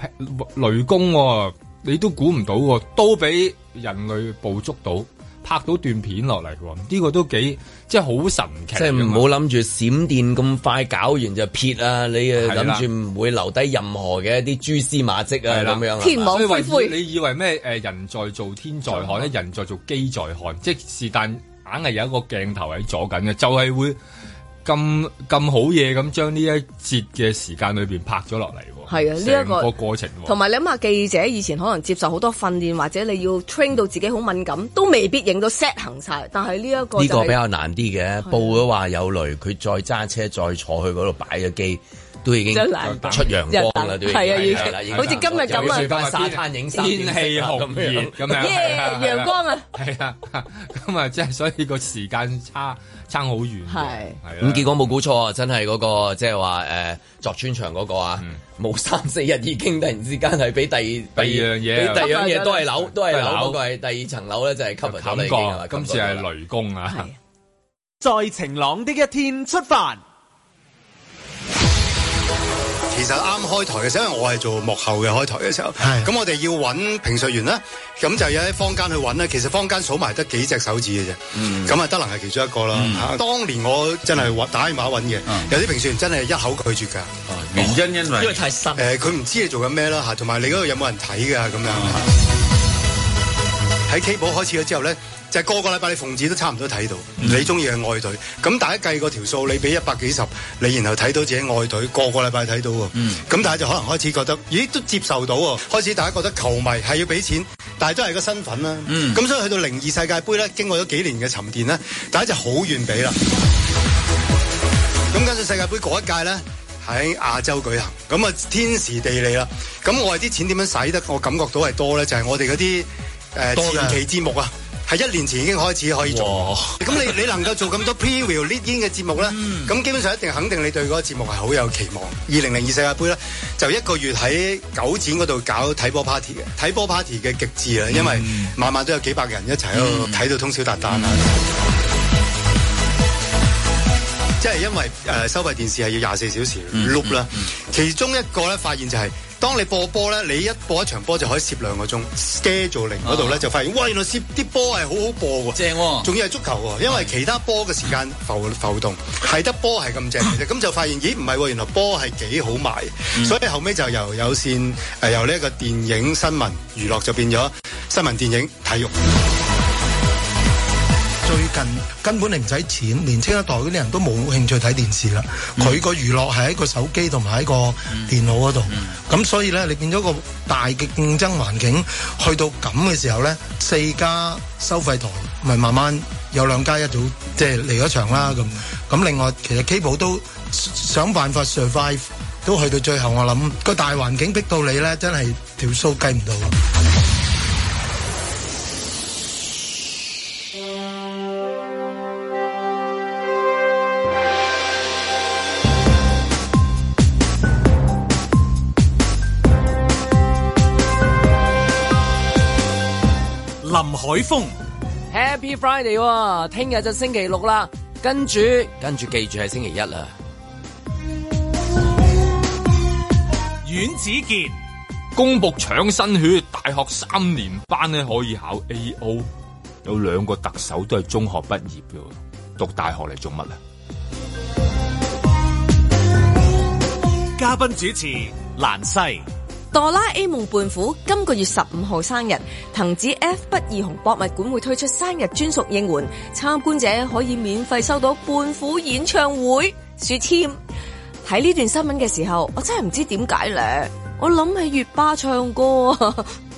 雷公，你都估唔到，都俾人類捕捉到。拍到段片落嚟喎，呢個都幾即係好神奇，即係唔好諗住閃電咁快搞完就撇啊！你啊諗住唔會留低任何嘅一啲蛛絲馬迹啊，咁樣天網恢恢，以你以為咩？誒，人在做天在看，咧人在做機在看，即係是但硬係有一個鏡頭喺左近嘅，就係會咁咁好嘢咁將呢一節嘅時間裏邊拍咗落嚟。係啊，呢一個個過程同埋、這個、你諗下，記者以前可能接受好多訓練，或者你要 train 到自己好敏感，都未必影到 set 行晒。但係呢一個呢、就是這個比較難啲嘅，報咗話有雷，佢再揸車再坐去嗰度擺咗機。都已經出陽光啦，都係啊，已經好似今日咁啊，天氣紅熱，耶、yeah,！陽光啊，係啊，咁啊，即 係所以個時間差差好遠。係，咁、嗯、結果冇估錯啊，真係嗰、那個即係話作穿牆嗰個啊，冇、嗯、三四日已經突然之間係俾第第二樣嘢，俾第二樣嘢都係樓，都係樓，第二，樓，第，二樓，樓、那個、第二層樓咧就係吸濕。冇今次係雷公啊！在晴朗的一天出發。其實啱開台嘅時候，因為我係做幕後嘅開台嘅時候，咁我哋要揾評述員啦，咁就有喺坊間去揾啦。其實坊間數埋得幾隻手指嘅啫，咁、嗯、啊得能係其中一個啦、嗯。當年我真係打電話揾嘅，有啲評述員真係一口拒絕噶，原因因為因為太新，誒佢唔知你做緊咩啦吓，同埋你嗰度有冇人睇噶，咁樣。喺 keyboard 開始咗之後咧。就係、是、個個禮拜你奉旨都差唔多睇到，你中意嘅外隊，咁、嗯、大家計個條數，你俾一百幾十，你然後睇到自己外隊，個個禮拜睇到喎，咁、嗯、大家就可能開始覺得，咦都接受到喎，開始大家覺得球迷係要俾錢，但係都係個身份啦，咁、嗯、所以去到零二世界盃咧，經過咗幾年嘅沉澱咧，大家就好願俾啦。咁加上世界盃嗰一屆咧喺亞洲舉行，咁啊天時地利啦，咁我哋啲錢點樣使得？我感覺到係多咧，就係、是、我哋嗰啲誒前期節目啊。係一年前已經開始可以做，咁你你能夠做咁多 preview leading 嘅節目咧，咁、嗯、基本上一定肯定你對嗰個節目係好有期望。二零零二世界盃咧，就一個月喺九展嗰度搞睇波 party 嘅，睇波 party 嘅極致啊、嗯！因為晚晚都有幾百人一齊喺度睇到通宵達旦啊！即、嗯、係、就是、因為、呃、收費電視係要廿四小時 loop 啦，其中一個咧發現就係、是。當你播波咧，你一播一場波就可以攝兩個鐘 schedule 零嗰度咧，就發現、啊、哇，原來攝啲波係好好播㗎，正、哦，仲要係足球喎，因為其他波嘅時間浮浮動，係 得波係咁正嘅啫，咁就發現咦唔係，原來波係幾好賣，嗯、所以後尾就由有線誒、呃、由呢個電影、新聞、娛樂就變咗新聞、電影、體育。最近根本你唔使錢，年青一代嗰啲人都冇興趣睇電視啦。佢個娛樂係喺個手機同埋喺個電腦嗰度。嗯，咁所以咧，你變咗個大嘅競爭環境，去到咁嘅時候咧，四家收費台咪慢慢有兩家一早，即係離咗場啦。咁咁另外，其實 Cable 都想辦法 survive，都去到最後，我諗個大環境逼到你咧，真係條數計唔到。林海峰，Happy Friday，聽日就星期六啦，跟住跟住記住係星期一啦。阮子健，公僕搶新血，大學三年班咧可以考 A O，有兩個特首都係中學畢業嘅，讀大學嚟做乜啊？嘉賓主持蘭西。哆啦 A 夢胖虎今個月十五號生日，藤子 F 不二雄博物館會推出生日專屬應援，參觀者可以免費收到胖虎演唱會雪簽。睇呢段新聞嘅時候，我真係唔知點解咧，我諗起粵巴唱歌，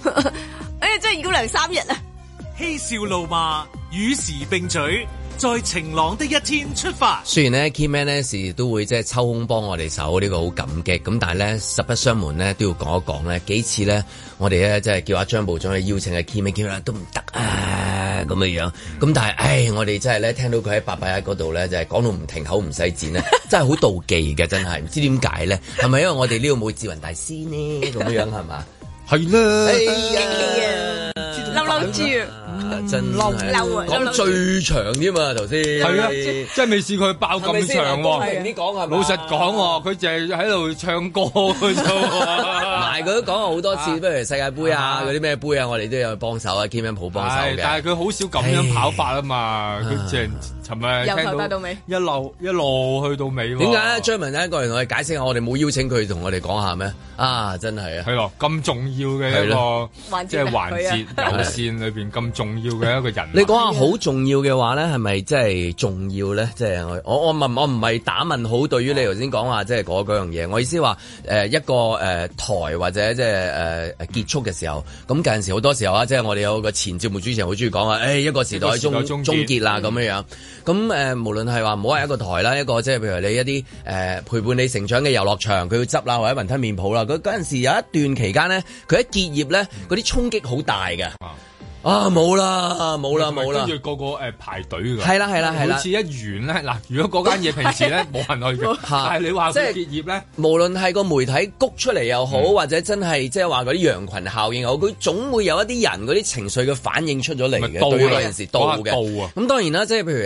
哎呀真係要涼三日啊！嬉笑怒罵與時並舉。在晴朗的一天出發。雖然呢 Kimmy 呢時時都會即係抽空幫我哋手，呢、呢個好感激。咁但係呢，實不相瞞呢都要講一講呢幾次呢，我哋咧即係叫阿張部長去邀請阿 Kimmy Kimmy 都唔得啊咁嘅樣。咁但係，唉，我哋真係 呢，聽到佢喺八八一嗰度呢，就係講到唔停口唔使剪呢真係好妒忌嘅，真係唔知點解呢，係咪因為我哋呢度冇智雲大師呢咁嘅 樣係嘛？係啦，激 化 真講最長添啊！頭先係啊，真係未試過佢爆咁長喎。你講係老實講，佢淨係喺度唱歌嘅啫。唔佢都講過好多次，不如世界盃啊，嗰啲咩杯啊，我哋都有幫手啊 Kimmy 抱幫手但係佢好少咁樣跑法啊嘛，佢淨係尋日聽到一路一路去到尾。點解咧，Jimmy 咧一,一,一、啊啊、過嚟同我哋解釋下？我哋冇邀請佢同我哋講下咩？啊，真係啊！係咯，咁 重要嘅一個即係環節有線裏邊咁重。你講下好重要嘅、啊、話呢，係咪真係重要呢？即、就、係、是、我問我唔係打問號，對於你頭先講話即係嗰嗰樣嘢，我意思話誒、呃、一個誒、呃、台或者即係誒結束嘅時候，咁嗰陣時好多時候啊，即、就、係、是、我哋有個前節目主持人好中意講啊，一個時代終結終結啦咁樣樣，咁誒、呃、無論係話唔好係一個台啦，一個即係、就是、譬如你一啲誒、呃、陪伴你成長嘅遊樂場，佢要執啦，或者雲吞麪鋪啦，嗰陣時有一段期間呢，佢一結業咧，嗰啲衝擊好大嘅。啊啊冇啦冇啦冇啦，跟住個個誒排隊㗎。係啦係啦係啦，好似一完咧嗱，如果嗰間嘢平時咧冇人去， 但係你話即係結業咧，無論係個媒體谷出嚟又好、嗯，或者真係即係話嗰啲羊群效應又好，佢總會有一啲人嗰啲情緒嘅反應出咗嚟嘅。到嗰陣時到嘅，咁、那個、當然啦，即係譬如誒誒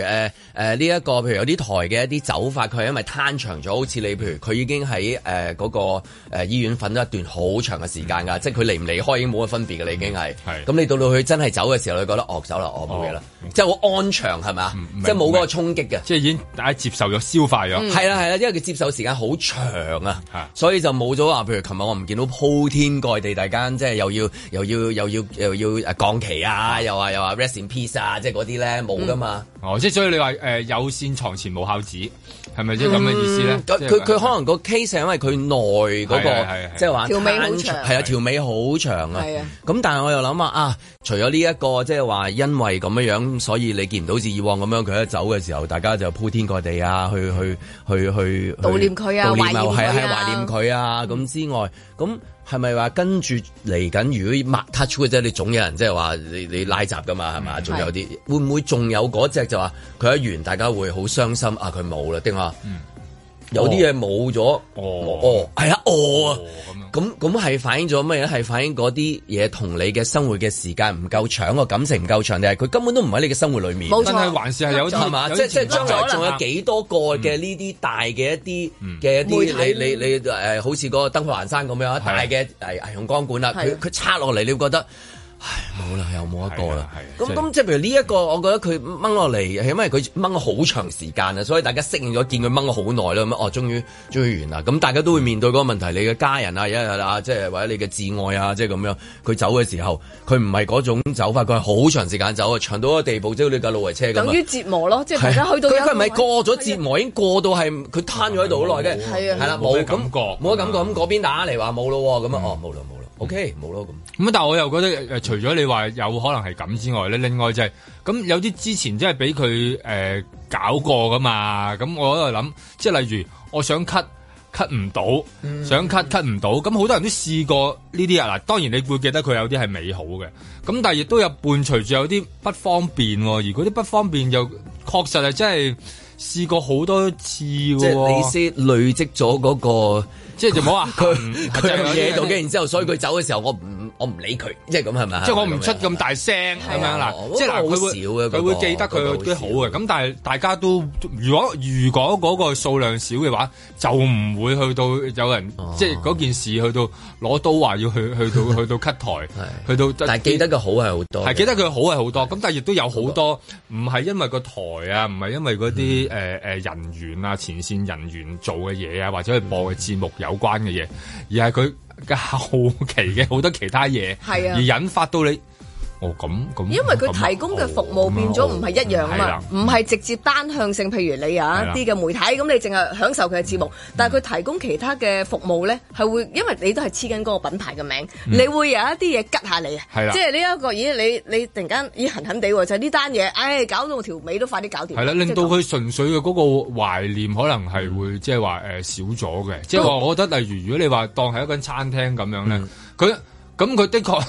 呢一個，譬如有啲台嘅一啲走法，佢係因為攤長咗，好似你譬如佢已經喺誒嗰個誒醫院瞓咗一段好長嘅時間㗎、嗯，即係佢離唔離開已經冇乜分別㗎、嗯、你已經係。咁、嗯、你到到去真係。係走嘅時候你覺得哦，走啦，我冇嘢啦，即係好安詳係咪？即係冇嗰個衝擊嘅，即係已經大家接受咗，消化咗。係啦係啦，因為佢接受時間好長啊，啊，所以就冇咗話，譬如琴日我唔見到鋪天蓋地大，大家即係又要又要又要又要降旗啊，又話又話 rest in peace 啊，即係嗰啲咧冇噶嘛、嗯。哦，即係所以你話誒有綫床前無孝子係咪即係咁嘅意思咧？佢、嗯、佢可能嗰個 case 係因為佢耐嗰個，係啊係啊係啊、即係話條尾好長，係啊，條尾好長啊。咁、啊、但係我又諗啊，除咗呢、這、一個即係話，因為咁樣樣，所以你見唔到好似以往咁樣，佢一走嘅時候，大家就鋪天蓋地啊，去去去去悼念佢啊，悼念啊，係，係懷念佢啊咁、啊嗯、之外，咁係咪話跟住嚟緊？如果 match 出嘅啫，你總有人即係話你你拉閘噶嘛，係、嗯、嘛？仲有啲會唔會仲有嗰隻就話佢一完，大家會好傷心啊？佢冇啦，定話？嗯有啲嘢冇咗，哦、係、哦、啊、餓、哦、啊，咁咁係反映咗咩嘢？係反映嗰啲嘢同你嘅生活嘅時間唔夠長，個感情唔夠長定係佢根本都唔喺你嘅生活裏面？冇錯、嗯，還是係有，係、嗯、嘛？即即將來仲有幾多個嘅呢啲大嘅一啲嘅一啲，你你你誒，好似個燈火闌珊咁樣，啊、大嘅誒誒，用光管啦，佢佢拆落嚟，你會覺得？冇啦，又冇一個啦。咁咁即係譬如呢、這、一個，我覺得佢掹落嚟，係因為佢掹咗好長時間啊，所以大家適應咗，見佢掹咗好耐咯。咁、嗯、啊，終、哦、終於完啦。咁、嗯、大家都會面對嗰個問題，你嘅家人啊，一係啊，即係或者你嘅摯愛啊，即係咁樣。佢走嘅時候，佢唔係嗰種走法，佢係好長時間走啊，長到一個地步，即係架路車咁等於折磨咯，即係佢佢唔係過咗折磨，已經過到係佢癱咗喺度好耐嘅。係啦，冇感覺，冇感覺。咁嗰邊打嚟話冇咯，咁哦，冇冇。OK，冇咯咁。咁但係我又覺得誒、呃，除咗你話有可能係咁之外咧，另外就係、是、咁有啲之前真係俾佢誒搞過噶嘛。咁我喺度諗，即係例如我想 cut cut 唔到，嗯，想 cut cut 唔到，咁好多人都試過呢啲啊。嗱，當然你會記得佢有啲係美好嘅，咁但係亦都有伴隨住有啲不方便。而嗰啲不方便又確實係真係試過好多次，即係你先累積咗嗰個。即係就冇好啊！佢佢有嘢到嘅，然之後、嗯、所以佢走嘅時候，我唔我唔理佢，即係咁係咪？即、就、係、是、我唔出咁大聲，咁樣啦即係嗱，佢、啊那個就是那個、會少嘅，佢、那個、會記得佢啲好嘅。咁、那個、但係大家都如果如果嗰個數量少嘅話，就唔會去到有人、哦、即係嗰件事去到攞刀話要去去到 去到 cut 台，去到。但係記得佢好係好多，係記得佢好係好多。咁但係亦都有好多唔係、那個、因為個台啊，唔係因為啲誒誒人員啊，前線人員做嘅嘢啊，或者係播嘅節目有。嗯有關嘅嘢，而係佢後期嘅好多其他嘢、係啊，而引發到你。咁、哦、咁，因為佢提供嘅服務變咗唔係一樣啊嘛，唔、哦、係、哦哦、直接單向性。譬如你有一啲嘅媒體咁，你淨係享受佢嘅節目，嗯、但佢提供其他嘅服務咧，係會因為你都係黐緊嗰個品牌嘅名、嗯，你會有一啲嘢吉下你啊。係啦，即係呢一個咦，你你，你突然間咦狠狠地就呢單嘢，唉、哎，搞到條尾都快啲搞掂。係啦，令到佢純粹嘅嗰個懷念可能係會即係話少咗嘅。即、嗯、係、就是呃呃呃呃呃就是、我覺得，例如如果你話當係一間餐廳咁樣咧，佢、嗯。呃咁佢的確，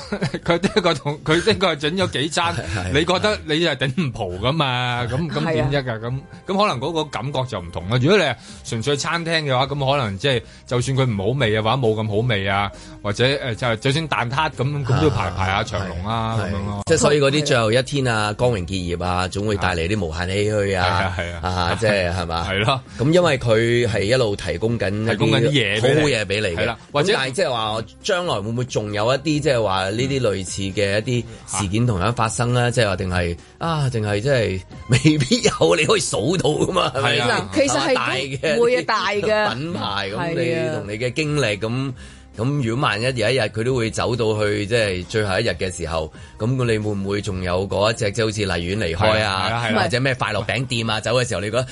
佢的確同佢的確係整咗幾餐， 你覺得你係頂唔蒲噶嘛？咁咁點啫？咁咁 可能嗰個感覺就唔同啦。如果你係純粹餐廳嘅話，咁可能即係就算佢唔好味嘅話，冇咁好味啊。或者誒就係就算蛋撻咁，咁都排排下、啊啊、長龍啊，即係所以嗰啲最後一天啊，光榮結業啊，總會帶嚟啲無限唏噓啊。係啊，係啊，即係係嘛？係咯、啊。咁、啊啊啊、因為佢係一路提供緊一啲好好嘢俾你。係啦、啊。或者即係話將來會唔會仲有一啲即係話呢啲類似嘅一啲事件同樣發生咧？即係話定係啊？定係即係未必有你可以數到噶嘛？係、啊啊、其實係大嘅，會啊大嘅品牌咁，啊、你同你嘅經歷咁。咁如果萬一有一日佢都會走到去即係最後一日嘅時候，咁你會唔會仲有嗰一隻即好似麗園離開啊，啊，啊，或者咩快樂餅店啊走嘅時候，你覺得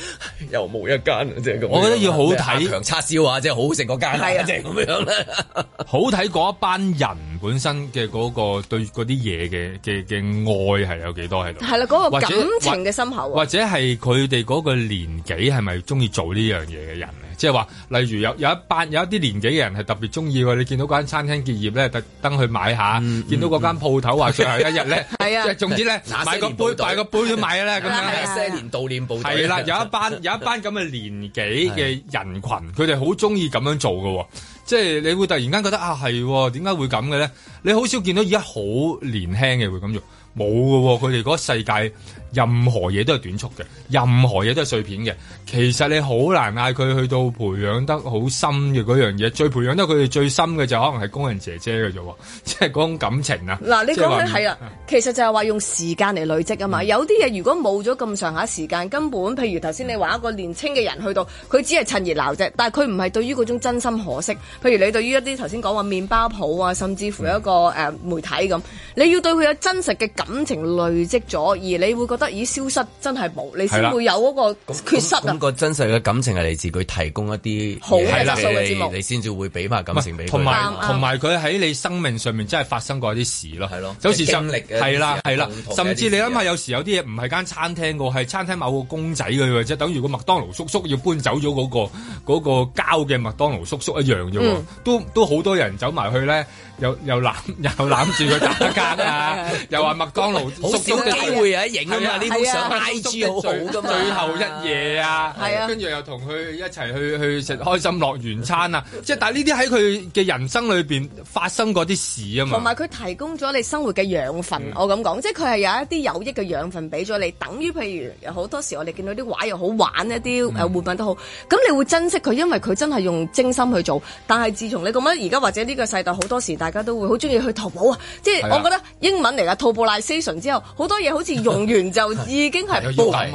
又冇一間即係咁。我覺得要好睇強叉燒啊，即、就、係、是、好好食嗰間。係啊，即係咁樣、啊、 好睇嗰一班人本身嘅嗰、那個對嗰啲嘢嘅嘅嘅愛係有幾多喺度？係啦、啊，嗰、那個感情嘅深厚或者係佢哋嗰個年紀係咪中意做呢樣嘢嘅人？即係話，例如有一有一班有一啲年紀嘅人係特別中意喎。你見到嗰間餐廳結業咧，特登去買一下、嗯嗯；見到嗰間鋪頭話最後一日咧，就總之咧買個杯買個杯都買,杯買啊。咧、啊。咁樣些年悼念鋪係啦，有一班有一班咁嘅年紀嘅人群佢哋好中意咁樣做嘅。即係你會突然間覺得啊，係點解會咁嘅咧？你好少見到而家好年輕嘅會咁做，冇嘅喎。佢哋嗰個世界。任何嘢都係短促嘅，任何嘢都係碎片嘅。其實你好難嗌佢去到培養得好深嘅嗰樣嘢，最培養得佢哋最深嘅就可能係工人姐姐嘅啫喎，即係嗰種感情啊！嗱、啊，你講嘅係啊，其實就係話用時間嚟累積啊嘛。嗯、有啲嘢如果冇咗咁上下時間，根本譬如頭先你話一個年輕嘅人去到，佢只係趁熱鬧啫，但係佢唔係對於嗰種真心可惜。譬如你對於一啲頭先講話麵包鋪啊，甚至乎有一個、嗯呃、媒體咁，你要對佢有真實嘅感情累積咗，而你會覺得。得以消失，真係冇，你先會有嗰個缺失。咁、那個真實嘅感情係嚟自佢提供一啲好嘅質素嘅節目，你先至會俾埋感情俾佢。同埋同埋佢喺你生命上面真係發生過一啲事咯，係咯，似實力係啦係啦，甚至你諗下，有時有啲嘢唔係間餐廳個，係餐廳某個公仔嘅啫，等於個麥當勞叔叔要搬走咗嗰、那個嗰、那個膠嘅麥當勞叔叔一樣啫、嗯，都都好多人走埋去咧，又又攬又攬住佢打夾啊，又話 麥當勞叔叔好少機會啊，影。呢 部相 I.G. 好好噶嘛？最後一夜啊， 啊、嗯，跟住又同佢一齊去去食開心樂園餐啊！即 係、啊、但係呢啲喺佢嘅人生裏邊發生過啲事啊嘛。同埋佢提供咗你生活嘅養分，嗯、我咁講，即係佢係有一啲有益嘅養分俾咗你。等於譬如好多時我哋見到啲畫又好玩一啲，誒活品都好，咁、嗯、你會珍惜佢，因為佢真係用精心去做。但係自從你咁樣而家或者呢個世代好多時大家都會好中意去淘寶啊！即係我覺得英文嚟噶，啊、淘 s e s t i o n 之後多好多嘢好似用完。 就已經係要抌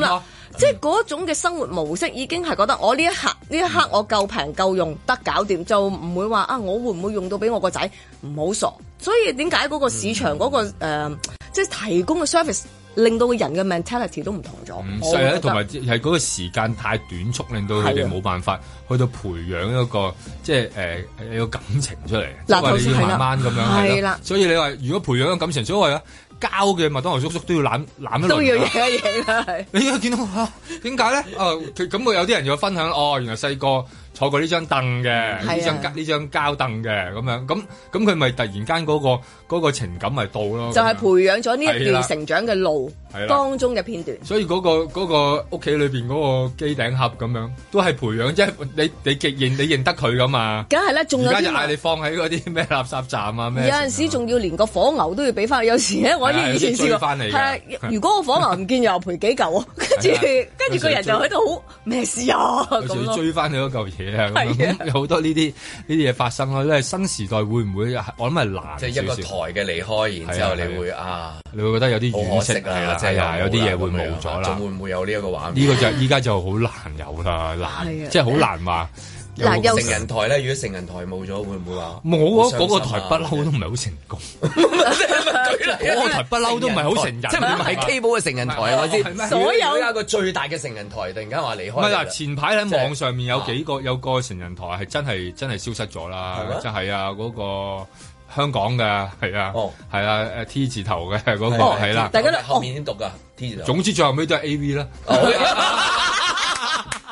啦，啊啊啊，即係嗰種嘅生活模式，已經係覺得我呢一刻呢，嗯，一刻我夠平夠用得搞掂，就唔會話啊我會唔會用到俾我個仔唔好傻。所以點解嗰個市場嗰，嗰個誒、嗯嗯呃，即係提供嘅 service 令到人嘅 mentality 都唔同咗。唔細啦，同埋係嗰個時間太短促，令到佢哋冇辦法去到培養一個即係誒個感情出嚟，因，啊，你要慢慢咁樣係啦。所以你話如果培養感情，所謂啊。交嘅麥當勞叔叔都要攬攬，都要贏一贏啦，你應該見到嚇，點解咧？咁 我 麼、 哦、有啲人要分享。哦，原來細個。坐過呢張凳，嘅呢張呢張膠凳嘅咁樣咁咁佢咪突然間嗰個嗰個情感咪到咯？就係培養咗呢一段成長嘅路，當中嘅片段。所以嗰個嗰個屋企裏邊嗰個機頂盒咁樣，都係培養即係你你極認你認得佢噶嘛？梗係啦，仲有而家又嗌你放喺嗰啲咩垃圾站啊咩？有陣時仲要連個火牛都要俾翻，有時咧我以前試過，係追翻嚟嘅。如果個火牛唔見又賠幾嚿啊？跟住跟住個人就喺度好咩事啊？咁咯，追翻你嗰嚿嘢。係啊，好多呢啲呢啲嘢發生咯，因為新時代會唔會？我諗係難即係、就是、一個台嘅離開，然之後你會啊，你會覺得有啲惋惜啊，係啊、哎，有啲嘢會冇咗啦。仲會唔會有呢一個畫面？呢、呢個就依家 就好難有啦，難，即係好難話。 嗱，成人台呢？如果成人台冇咗，會唔會話？冇啊，嗰、那個台不嬲都唔係好成功。嗰 啊啊啊啊啊那個台一不嬲都唔係好成人，即係唔係 K 寶嘅成人台、就是、是啊？我知。成人台啊啊、所有、啊、有一個最大嘅成人台突然間話離開。唔係啦，前排喺網上面有幾個、就是、有個成人台係真係真係消失咗啦，真係啊！嗰、那個香港嘅係啊，係、哦、啊，T 字頭嘅嗰、那個係啦、啊。大家咧後面先讀啊 T 字頭。總之最後尾都係 AV 啦。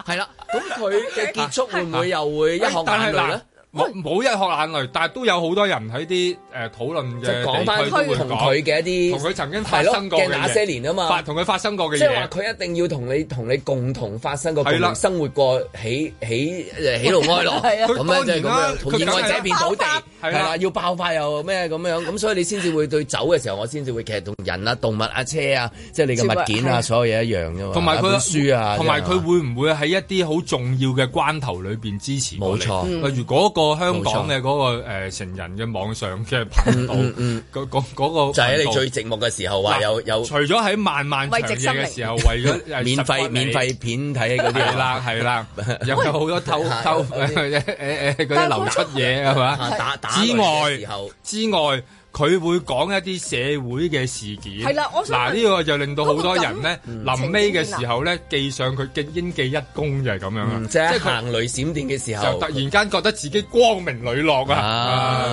係啦，咁佢嘅結束會唔會又會一項眼淚咧？ 哎冇冇一滴眼淚，但係都有好多人喺啲誒討論嘅地方都會講，同佢嘅一啲，同佢曾經發生過嘅那些年啊嘛，發同佢發生過嘅嘢，即係話佢一定要同你同你共同發生過共同生活過喜喜誒喜怒哀樂，係啊，咁樣就係咁樣，同你喺這邊講地係啦，要爆發又咩咁樣咁，所以你先至會對走嘅時候，我先至會其實同人啊、動物啊、車啊，即係你嘅物件啊，所有嘢一樣啫嘛。同埋佢，同埋佢會唔會喺一啲好重要嘅關頭裏邊支持冇錯，例如嗰個。個香港嘅嗰個誒成人嘅網上嘅頻道，嗰嗰個就喺你最寂寞嘅時候，話有有。除咗喺漫漫長夜嘅時候，為咗免費免費片睇嗰啲啦，係啦，又有好多偷偷誒誒嗰啲流出嘢係嘛？打打之外，之外。佢會講一啲社會嘅事件，係啦，嗱呢、啊呢個就令到好多人咧臨尾嘅時候咧記、呃、上佢嘅英記一功，就係咁樣啦。即係行雷閃電嘅時候，就突然間覺得自己光明磊落啊！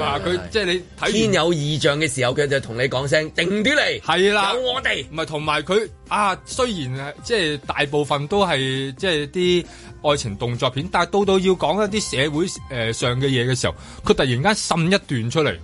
話佢即係你睇天有異象嘅時候，佢就同你講聲定啲嚟係啦，有我哋唔係同埋佢啊。雖然即係大部分都係即係啲愛情動作片，但係到到要講一啲社會誒上嘅嘢嘅時候，佢突然間滲一段出嚟喎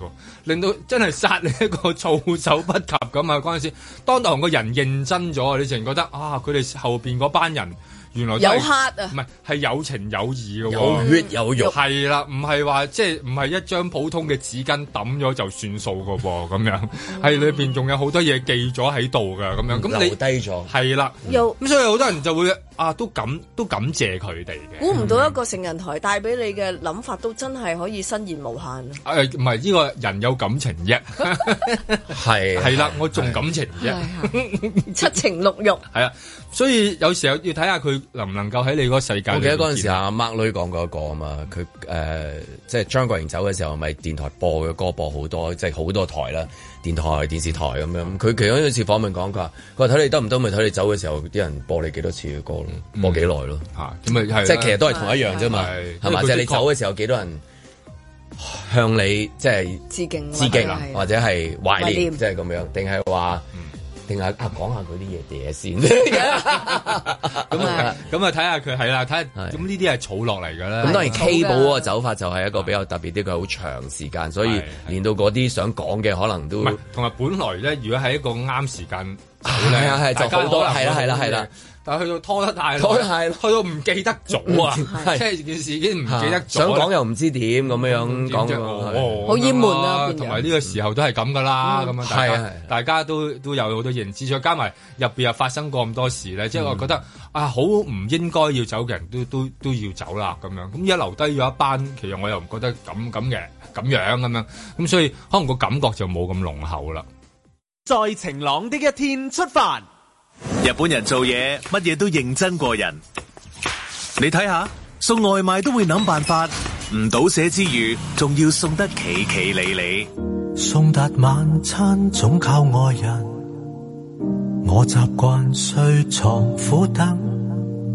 令到真係殺你一個措手不及咁啊！嗰陣時，當堂個人認真咗，你淨覺得啊，佢哋後邊嗰班人。原來有黑啊，唔係係有情有義嘅、哦，有血有肉係啦，唔係話即係唔係一張普通嘅紙巾抌咗就算數嘅噃，咁 樣係裏邊仲有好多嘢記咗喺度嘅，咁樣咁、嗯、你留低咗係啦，咁、嗯、所以好多人就會啊都感都感謝佢哋嘅，估唔到一個成人台帶俾你嘅諗法、嗯、都真係可以伸延無限啊，誒唔係呢個人有感情啫，係係啦，我仲感情啫 七情六欲係啊，所以有時候要睇下佢。能唔能夠喺你個世界？我記得嗰陣時阿 Mark 女講過一個啊嘛，佢誒，即係張國榮走嘅時候，咪、啊那個呃就是、電台播嘅歌播好多，即係好多台啦，電台、電視台咁樣。佢、嗯、其中有一次訪問講佢話：佢話睇你得唔得，咪睇你走嘅時候，啲人播你幾多次嘅歌咯、嗯，播幾耐咯。咁咪即係其實都係同一樣啫嘛，係、啊、嘛？即係、嗯就是、你走嘅時候，幾多人向你即係致敬、致敬，敬是，或者係懷念，即係咁樣，定係話？嗯定係啊，講 下佢啲嘢嘅先。咁啊，咁啊，睇下佢係啦，睇。咁呢啲係儲落嚟㗎啦。咁當然 K 寶嗰個走法就係一個比較特別啲，佢好長時間，所以連到嗰啲想講嘅可能都。同埋本來咧，如果係一個啱時間，係係就夠多，係啦係啦係啦。去到拖得太耐，拖去到唔記得咗啊！即係、就是、件事已經唔記得想講又唔知點咁樣講，好悶啊！同埋呢個時候都係咁噶啦，咁、嗯、大，大家都都有好多認知，再加埋入邊又發生過咁多事咧，即、嗯、係、就是、我覺得啊，好唔應該要走嘅人都都都要走啦，咁樣咁而家留低咗一班，其實我又唔覺得咁咁嘅咁樣咁樣，咁所以可能個感覺就冇咁濃厚啦。在晴朗的一天出發。日本人做嘢乜嘢都認真過人，你睇下送外賣都會諗辦法，唔倒瀉之餘，仲要送得企企理理。送達晚餐總靠愛人，我習慣睡床苦擔。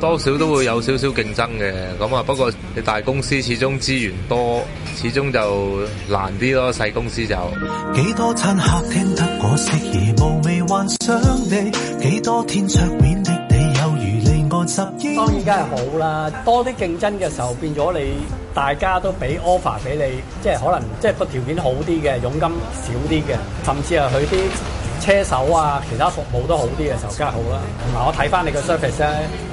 多少都會有少少競爭嘅，咁啊不過你大公司始終資源多，始終就難啲咯，細公司就。幾多餐客聽得我適宜，而無微幻想你。幾多天桌面的你，有如離岸十億。當然梗係好啦，多啲競爭嘅時候變咗你大家都俾 offer 俾你，即係可能即係個條件好啲嘅，佣金少啲嘅，甚至係佢啲車手啊其他服務都好啲嘅時候，梗係好啦。同埋我睇翻你個 surface 呢、啊。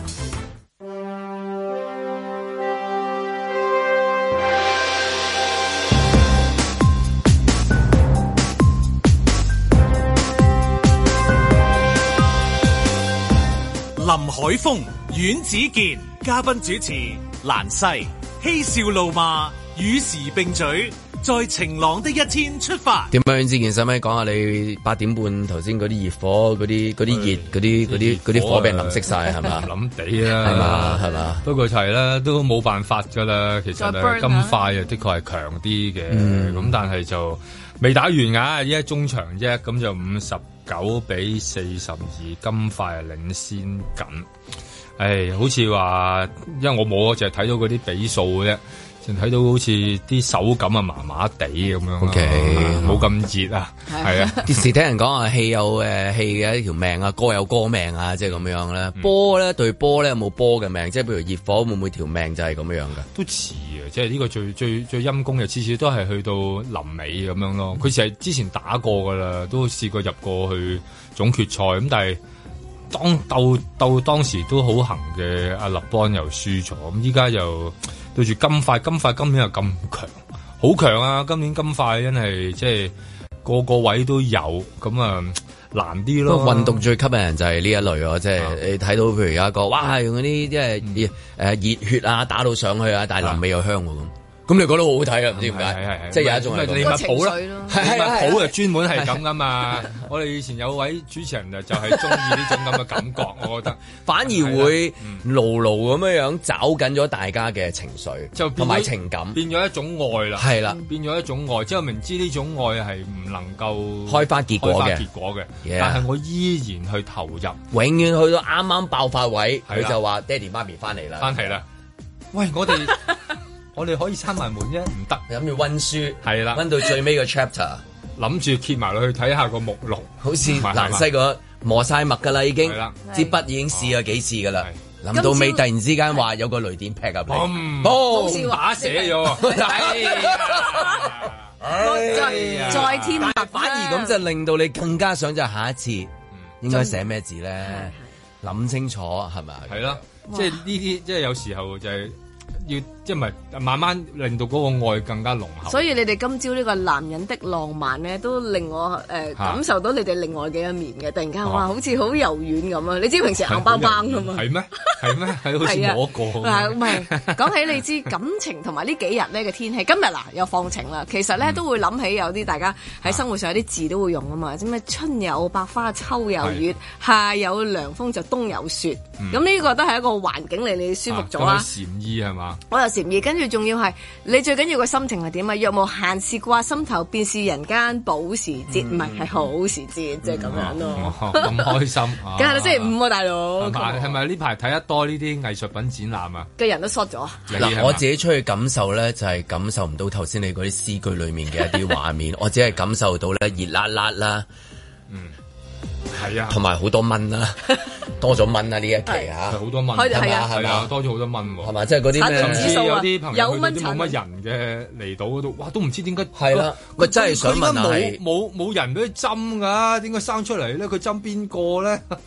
海峰、阮子健、嘉賓主持蘭西，嬉笑怒罵，與時並舉，在晴朗的一天出發。點樣子健，使唔使講下你八點半頭先嗰啲熱火嗰啲熱，啲熱嗰啲啲啲火俾淋熄晒係嘛？諗地啦，係嘛係嘛， 不， 不過就係啦，都冇辦法噶啦。其實金塊又的確係強啲嘅，咁、嗯、但係就未打完啊，依家中場啫，咁就五十。九比四十二金塊係領先緊，誒，好似話，因為我冇，我淨係睇到嗰啲比數嘅啫。淨睇到好似啲手感般般，okay. 啊，麻麻地咁樣。O K，冇咁熱啊，係啊。電視，聽人講啊，氣有誒氣嘅一條命啊，各有各命啊，即係咁樣咧。波咧對波咧有冇波嘅命？即係譬如熱火會唔會條命就係咁樣噶？都遲啊，即係呢個最最最陰功嘅，次次都係去到臨尾咁樣咯。佢係之前打過噶啦，都試過入過去總決賽咁，但係當鬥鬥當時都好行嘅，阿立邦又輸咗，咁依家又。對住金塊，金塊今年又咁強，好強啊！今年金塊真係即係個個位都有，咁啊難啲咯。運動最吸引人就係呢一類咯，即係你睇到譬如有一個，哇！用嗰啲即係誒熱血啊，打到上去大有啊，但係臨尾又香喎咁。咁你覺得好好睇啊？唔知點解，即係有一種係。咪好寶啦，李密寶就專門係咁噶嘛。係係係我哋以前有位主持人就就係中意呢種咁嘅感覺， 我覺得反而會牢牢咁樣樣抓緊咗大家嘅情緒，同埋情感，變咗一種愛啦，係啦，變咗一種愛。之、就、後、是、明知呢種愛係唔能夠開花結果嘅，但係我依然去投入，永遠去到啱啱爆發位，佢就話爹哋媽咪翻嚟啦，翻嚟啦。喂，我哋。我哋可以閂埋門啫，唔得。諗住溫書，係啦，溫到最尾個 chapter，諗住揭埋落去睇下個目錄，好似南西個磨晒墨噶啦，已經，支筆已經試過幾次噶啦，諗、哦、到尾突然之間話有個雷電劈啊劈，都笑話寫咗，再再添反而咁就令到你更加想就下一次應該寫，應該寫咩字咧？諗清楚係咪？係啦，即係呢啲，即係有時候就係要。因為慢慢令到嗰個愛更加濃厚，所以你哋今朝呢個男人的浪漫咧，都令我誒、呃啊、感受到你哋另外嘅一面嘅。突然間話、啊、好似好柔軟咁啊！你知平時硬邦邦噶嘛？係咩？係咩？係 好似我一個唔係？講起你知感情同埋呢幾日呢嘅天氣，今日嗱、啊、又放晴啦。其實咧都會諗起有啲大家喺生活上有啲字都會用啊嘛。啲咩春有百花，秋有月，夏有涼風，就冬有雪。咁、嗯、呢個都係一個環境嚟，你舒服咗啊！禪意係嘛？我有跟住仲要係你最緊要個心情係點啊？若無閒事掛心頭，便是人間保時節。唔係係好時節，即係咁樣咯、啊。咁、哦哦哦、開心，梗係啦！星期五啊，大佬。係咪呢排睇得多呢啲藝術品展覽啊？嘅人都 short 咗。嗱，我自己出去感受咧，就係感受唔到頭先你嗰啲詩句裏面嘅一啲畫面。 我只係感受到咧，熱辣辣啦。嗯。係啊，同埋好多蚊啦，多咗蚊啊。呢、啊、一期啊，好多蚊係啊，係嘛、啊，多咗好多蚊喎、啊，係嘛，即係啲有啲朋友佢都冇乜人嘅嚟到嗰度，哇，都唔知點解係啦，我、啊啊啊啊啊啊啊、真係想問冇冇冇人俾佢針噶，點解生出嚟咧？佢針邊個咧？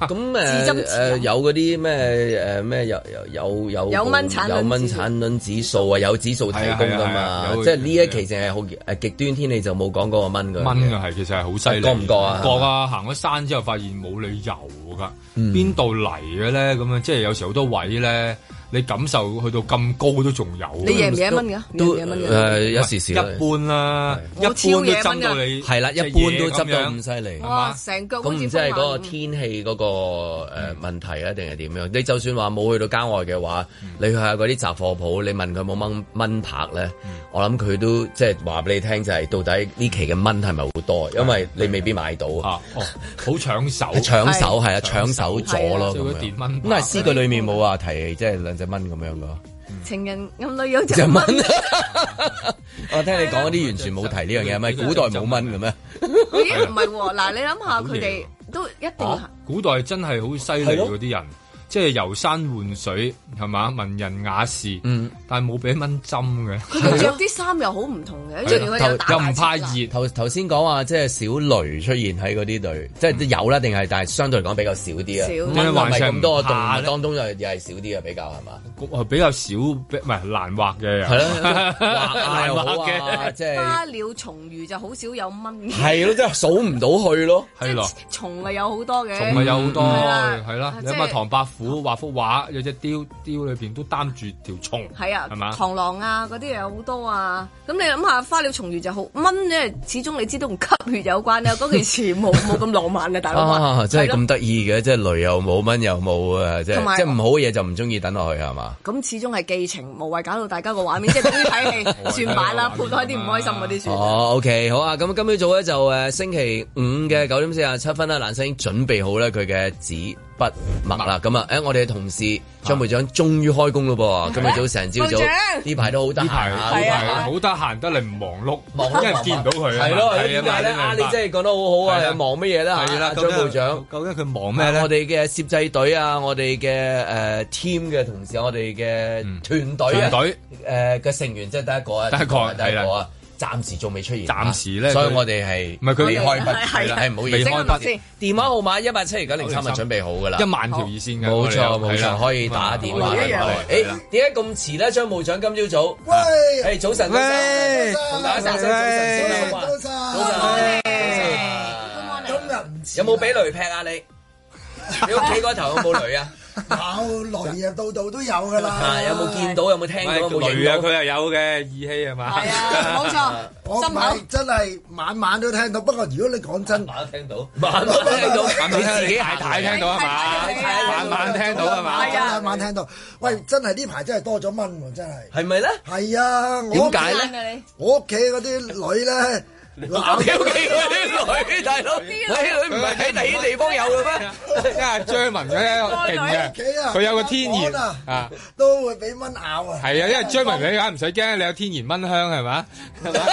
咁 誒、嗯，誒、嗯、有嗰啲咩誒咩有有有有有，有蚊產卵指數啊，啊，啊，有指數提供噶嘛？即係呢一期淨係好誒極端天氣就冇講嗰個蚊噶。蚊啊係，其實係好犀利。過唔過啊？過啊！行咗山之後發現冇理由噶，邊度嚟嘅咧？咁啊，即係有時好多位咧。你感受去到咁高都仲有，你贏唔贏蚊㗎？都誒，有、呃、時少時，一般啦、啊。我超贏㗎，係啦，一般都執到咁犀利，成咁唔知係嗰個天氣嗰、嗰個、嗯、問題啊，定係點樣？你就算話冇去到郊外嘅話，你去下嗰啲雜貨鋪，你問佢有冇蚊蚊拍咧？我諗佢都即係話俾你聽，就係、是、到底呢期嘅蚊係咪好多？因為你未必買到好、啊 哦、搶手，搶手係啊，搶手咗咯，咁但係詩句裏面冇話提即係。隻蚊咁樣噶、嗯嗯，情人暗女友隻蚊。 我聽你講啲完全冇提呢樣嘢，係咪、哎、古代冇蚊嘅咩？唔係喎，嗱 你諗下佢哋都一定、啊、古代真係好犀利嗰啲人。即係遊山玩水係嘛？文人雅士、嗯，但係冇俾蚊針嘅。佢著啲衫又好唔同嘅，又唔怕熱。頭頭先講話即係小雷出現喺嗰啲雷，嗯、即係有啦，定係但係相對嚟講比較少啲啊。咁又咁多動物當中又又係少啲啊，比較係嘛？比較少，唔係難畫嘅。係啦，難畫嘅即係花鳥蟲魚就好少有蚊。係咯，即係數唔到去咯。即係蟲係有好多嘅。蟲係有好多嘅，係、嗯、啦、嗯嗯就是。你話唐伯。畫幅畫，有隻雕雕裏邊都擔住條蟲，係啊，係嘛，螳螂啊，嗰啲嘢好多啊。咁你諗下，花鳥蟲魚就好蚊咧，始終你知道同吸血有關啊。嗰件事冇冇咁浪漫啊，大佬、啊、真係咁得意嘅，即係雷又冇，蚊又冇啊，即係即係唔好嘢就唔中意等落去係嘛。咁始終係寄情，無謂搞到大家個畫面， 即係中意睇戲算埋啦，判多一啲唔、啊、開心嗰啲算。哦、 啊、，OK，好啊，咁今朝早咧就誒星期五嘅九點四十七分啦，蘭生已經準備好咧佢嘅紙。不墨啦，咁啊！誒，我哋嘅同事張部長、啊、終於開工咯噃，今日早成朝早上，呢排都好得閒，好得閒，得嚟唔忙碌，忙碌因為見唔到佢啊，係咯？點解咧？你真係講得好好啊！忙乜嘢咧？係啦，張部長，究竟佢忙咩咧？我哋嘅攝製隊啊，我哋嘅誒 team 嘅同事，我哋嘅團、啊嗯、團隊，團隊嘅成員真係得一個啊，得一個，得一個啊！暫時仲未出現，暫時咧，所以我哋係離開翻佢啦。誒唔好意思，電話號碼一八七二九零三係準備好㗎啦，一萬條熱線嘅，冇錯冇錯，可以打電話嚟。誒點解咁遲咧？張務長今朝早，喂，誒早晨，早晨，早晨，早晨，早晨，早晨，今日有冇俾雷劈啊你？你屋企嗰頭有冇雷啊？ 雷有，啊有，有，有，有雷啊，度度都有噶啦。有冇見到？有冇聽到？雷啊，佢又有嘅，義氣係嘛？係啊，冇錯。 我真係晚晚都聽到。不過如果你講真，晚都聽到，晚晚都，都，都，都，都聽到。你自己係太聽到啊嘛？晚晚聽到係嘛？係啊，晚晚聽到。喂，真係呢排真係多咗蚊喎，真係。係咪咧？係啊，點解咧？我屋企嗰啲女咧。 打表機嗰啲女，大佬啲女唔係喺第二地方有嘅咩？因為張文佢平嘅，佢有個天然啊，都會俾蚊咬啊。係啊，因為張文佢啊唔使驚，你有天然蚊香係嘛？係嘛？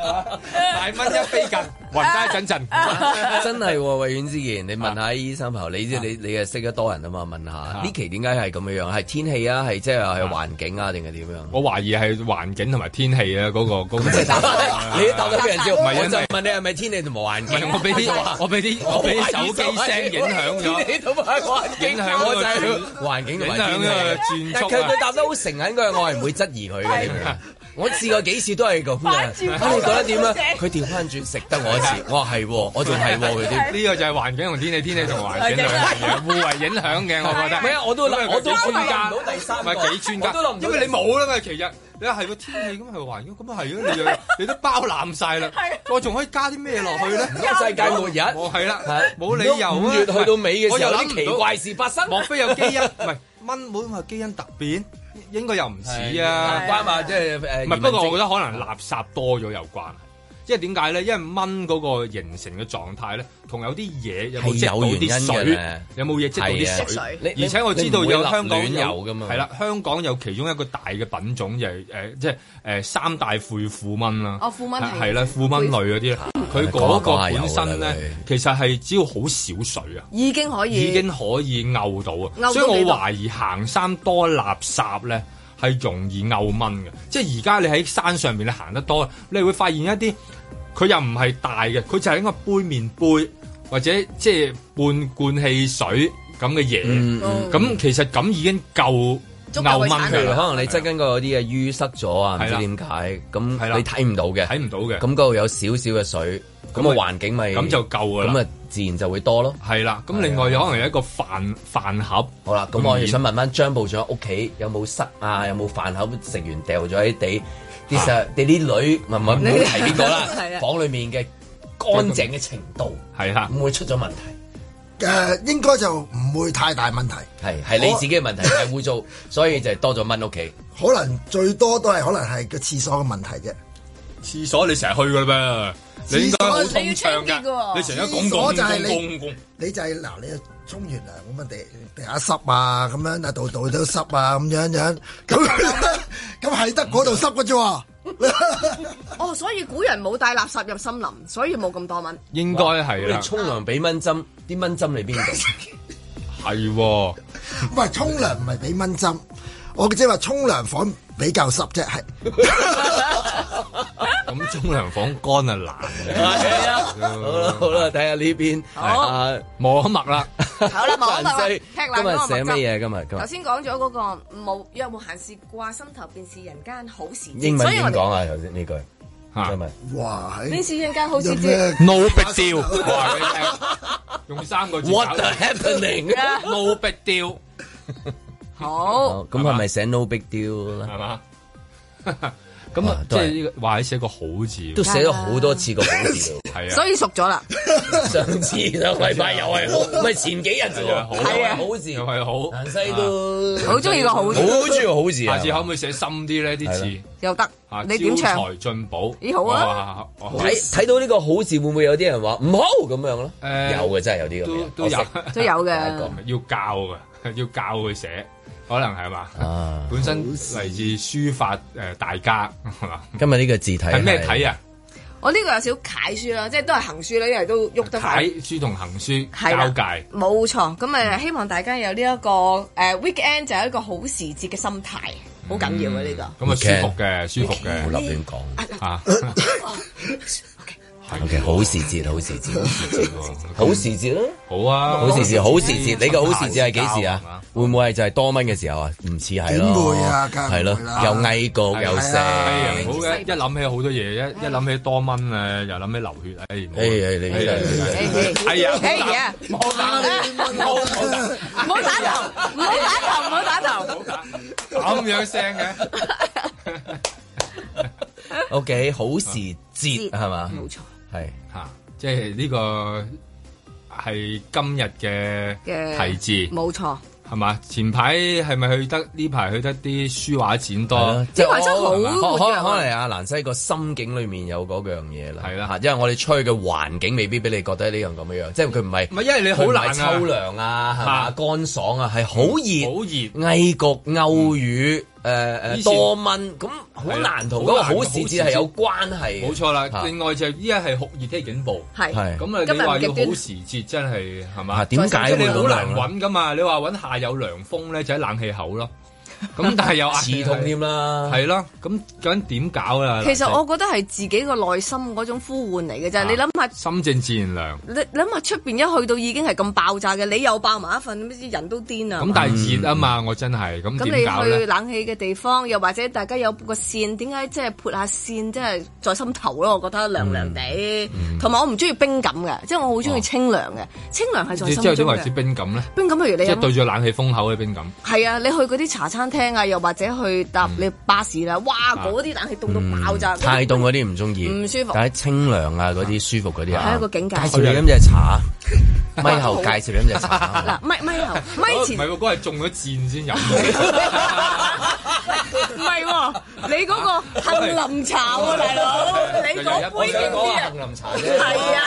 大蚊一飛近，暈晒一陣陣。真係喎，慧遠之言，你問下醫生朋友，你即係你你啊識得多人啊嘛？問下呢期點解係咁樣樣？係天氣啊？係即係係環境啊？定係點樣？我懷疑係環境同埋天氣咧，嗰個嗰個。你答得俾人知，我就問你係咪天氣同環境？唔係我俾啲，我俾啲，我俾啲手機聲影響咗。天氣同環境影響我。環境同天氣轉速。但係佢答得好誠啊，應該我係唔會質疑佢嘅。我試過幾次都係咁嘅，咁你覺得點啊？佢調翻轉食得我一次，我話係，我仲係佢啲。呢個就係環境同天氣，天氣同環境兩樣嘢，互為影響嘅。我覺得。咩啊？我都我都專家，唔係幾專家，因為你冇啦嘛，其實。你係個天氣咁，係環境咁啊，係啊，你你都包攬曬啦。我仲可以加啲咩落去咧？世界末日，我係啦，冇理由啊。五月去到尾嘅時候，我有啲奇怪事發生。莫非有基因？唔係蚊，唔好話基因突變，應該又唔似啊。關話即係誒，唔係不過，我覺得可能垃圾多咗有關，因為點解咧？因為蚊嗰個形成嘅狀態咧，同有啲嘢有冇積到啲水，有冇嘢積到啲水的。而且我知道有香港有㗎嘛。係啦，香港有其中一個大嘅品種就係誒，即係誒、呃、三大庫庫蚊啦。哦，庫蚊係啦，庫蚊類嗰啲，佢嗰個本身咧，其實係只要好少水啊，已經可以已經可以孵到，到。所以我懷疑行山多垃圾咧，係容易孵蚊嘅。即係而家你喺山上邊你行得多，你會發現一啲。佢又唔係大嘅，佢就係一個杯麵杯或者即係半罐汽水咁嘅嘢。咁、嗯嗯嗯嗯、其實咁已經夠牛蚊佢。可能你側跟嗰度有啲嘢淤塞咗啊，唔知點解。咁、啊、你睇唔到嘅，睇唔到嘅。咁嗰度有少少嘅水，咁、個環境咪咁就夠、係、啦。咁啊，自然就會多咯。係啦、啊。咁另外可能有一個飯、啊、飯盒。好啦，咁我哋想問返張部長有有，屋企有冇塞啊？有冇飯盒食完掉咗喺地？其實你啲女問問你係邊個啦，房裏面嘅乾淨嘅程度係吓，唔會出咗問題，誒，應該就唔會太大問題。係係你自己嘅問題，太污糟，所以就多咗蚊屋企。可能最多都係可能係個廁所嘅問題啫。廁所你成日去噶啦咩？你依家好通暢噶。你成日講講唔通，你就係嗱你，沖完涼，咁啊地地下濕啊，咁樣啊度度都濕啊，咁樣樣，咁咁係得嗰度濕嘅啫喎。哦，所以古人冇帶垃圾入森林，所以冇咁多蚊。應該係啦。你沖涼俾蚊針，啲蚊針嚟邊？係，喂，沖涼唔係俾蚊針，我即係話沖涼房比較濕啫，係。咁沖涼房乾啊難，好啦好啦，睇下呢邊啊，磨墨啦，今日寫乜嘢今日？頭先講咗嗰個若無閒事掛心頭，便是人間好時。英文點講啊？頭先呢句，中文哇，便是人間好時節。No big deal，用三個字 what happening 啦，no big deal。好，咁係咪寫 no big deal 咧？係嘛？咁啊，即係呢個話你寫個好字，都寫咗好多次個好字，係啊，啊，所以熟咗啦。上次個禮拜又係好，咪前幾日又係好，啊好，啊好啊，好字又係好。陳西都。好中意個好字，好中意個好字，下次可唔可以寫深啲咧？啲字又得，你點招財進寶咦好啊！睇睇到呢個好字，會唔會有啲人話唔好咁、啊、樣咯？有嘅真係有啲咁嘅，都有都有嘅，要教噶，要教佢寫。可能係嘛、啊，本身嚟自書法誒大家係嘛， 今日呢個字體係咩睇啊？我呢個有少少楷書咯，即係都係行書，你嚟到喐得楷書同行書交界，冇錯、啊。咁誒，希望大家有呢、這、一個誒、呃、Weekend 就係一個好時節嘅心態，好緊要啊！呢、嗯這個咁啊舒服嘅，okay. 舒服嘅冇諗亂講啊。Okay. O、okay, K，好時節，好時節，好時節，好時節啦、okay. 啊！好啊，好時節、嗯嗯嗯啊啊啊哎，好時節，你個好時節係幾時啊？會唔會係就係多蚊嘅時候啊？唔似係咯，係咯，又矮個又成，好嘅。一諗起好多嘢、哎，一一諗起多蚊又諗起流血，哎呀，你、哎呀，哎呀，哎、呀，哎呀，哎呀，唔好打、哎、頭，唔好打頭，咁樣聲嘅？O K，好時節係嘛？冇、哎、錯。係吓、啊，即係呢個係今日嘅題字，冇錯，係嘛？前排係咪去得呢排去得啲書畫展多呢？呢排、啊、真係好可能可能係阿蘭西個心境裏面有嗰樣嘢啦。係啦吓，因為我哋出去嘅環境未必俾你覺得呢樣咁樣，即係佢唔係唔係，因為你好難秋涼啊，係嘛、啊？乾、啊、爽啊，係好熱，好熱，翳焗勾雨。誒、呃、誒多蚊，咁好難同嗰個好時節係有關係。冇錯啦、啊，另外就依家係酷熱天警報，係咁啊！你話要好時節真係係嘛？點解、啊啊、你好難揾噶嘛？你話揾下有涼風咧，就喺冷氣口咯。咁 但係又刺痛添啦，係咯，咁究竟點搞呀？其實我覺得係自己個內心嗰種呼喚嚟嘅啫，你諗下心靜自然涼。你諗下出邊一去到已經係咁爆炸嘅，你又爆埋一份，唔知人都癲啊！咁、嗯、但係熱啊嘛，我真係咁點搞咧？、嗯、你去冷氣嘅地方，又或者大家有個扇，點解即係潑下扇，即、就、係、是、在心頭咯？我覺得涼涼地，同、嗯、埋我唔中意冰感嘅，即、就、係、是、我好中意清涼嘅、哦，清涼係在心中嘅。即係點為之冰感咧？冰感譬如你即對住冷氣風口嘅冰感。係啊，你去嗰啲茶餐。聽啊，又或者去搭你巴士啦，哇！嗰啲冷氣凍到爆炸，太凍嗰啲唔中意，唔舒服。但係清涼啊，嗰啲舒服嗰啲啊。係一個境界。介紹飲隻茶，咪後介紹飲隻茶。嗱， 咪咪後咪前，唔係喎，嗰個係中咗箭先飲。唔係喎，你嗰個杏林茶啊，大、啊、佬、啊啊 啊，你嗰杯杏林茶啊，係啊，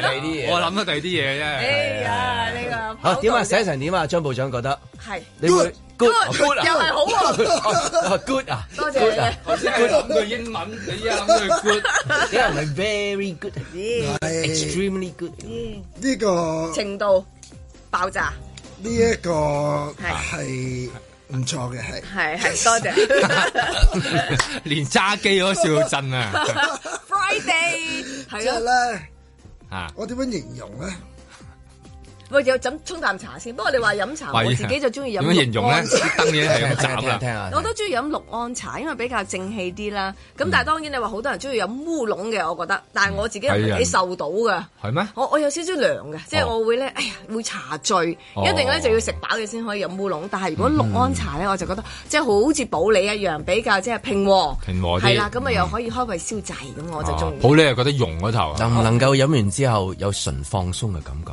但係咧，我諗咗第二啲嘢啫。哎呀，呢個點啊？寫成點啊？張部長覺得係你會。Good. Good 又係好喎，啊 Good 啊，多謝你啊，我先諗句英文，你又諗句 Good，呢個係 very good，係 extremely good，呢個程度爆炸，呢一個係唔錯嘅，係係係多謝，連揸機我都笑到震啊，Friday 係啦，啊我點樣形容咧？有又整沖啖茶先。不過你話飲茶，我自己就中意飲咁形容咧， 燈嘢係咁我都中意飲六安茶，因為比較正氣啲啦。咁、嗯、但係當然你話好多人中意飲烏龍嘅，我覺得。但係我自己又唔係受到嘅。係、哎、咩？我我有少少涼嘅，即係我會咧、哦，哎呀，會茶醉。哦、一定咧就要食飽嘢先可以飲烏龍。但係如果六安茶咧、嗯，我就覺得即係好似普洱一樣，比較即係平和。平和啲係啦，咁啊、嗯、又可以開胃消滯，咁、啊、我就中意。普洱又覺得溶嗰頭。能唔能夠飲完之後有純放鬆嘅感覺？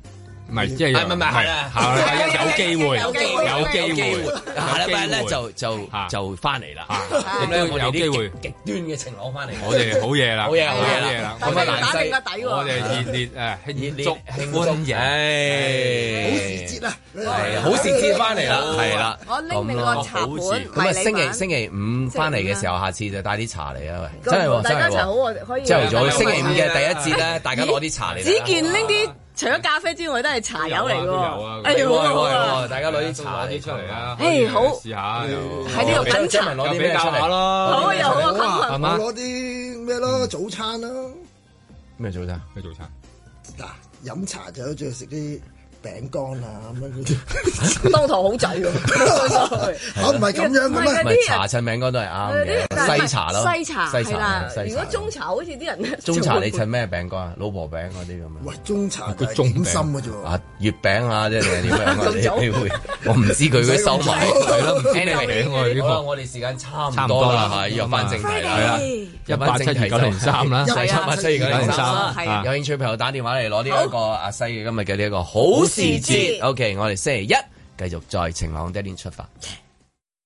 唔係，即、就、係、是、有機、就是、會是是、就是、有機會，有機會，係啦，但係咧就就就翻嚟啦。你都有機會，極端嘅情況翻嚟。我哋好嘢啦，好嘢啦，regalo, 好嘢、啊啊欸、啦。咁哋打定我哋熱烈誒，熱祝慶祝歡迎。好時節啦，好時節翻嚟啦，係啦。我拎定個茶盤咁啊，星期星期五翻嚟嘅時候，下次就帶啲茶嚟啊，真係真係。大家喎，朝早星期五嘅第一節咧，大家攞啲茶嚟。只見呢啲。除咗咖啡之外，都係茶友嚟喎。哎，好啊，啊，啊，啊，啊，啊，啊，啊，大家攞啲、啊、茶啲出嚟啦。哎，好。試下喺呢度品茶。攞啲咩出嚟咯、啊？好啊，好啊。嘉文攞啲咩咯？早餐咯、啊。咩早餐？咩早餐？嗱、啊，飲茶就要食啲。餅乾啊咁樣嗰啲，當堂好仔咁。嚇唔係咁樣、啊，唔係茶趁餅乾都係啱嘅，西茶啦，西茶，西茶，西茶，西茶，如果中茶好似啲人中，中茶你趁咩餅乾啊？老婆餅嗰啲咁樣。喂，中茶佢重心嘅啫喎，月餅啊，即係啲長嘅機會。我唔知佢嗰啲收埋，係咯？唔知你嚟緊我哋時間差唔多啦，係入返正題，係、那、啦、個，一八七二九零三啦，一八七二九零三。有興趣朋友打電話嚟攞呢一個阿西嘅今日嘅呢一個好。時節，OK，我哋星期一繼續在晴朗的一天出發。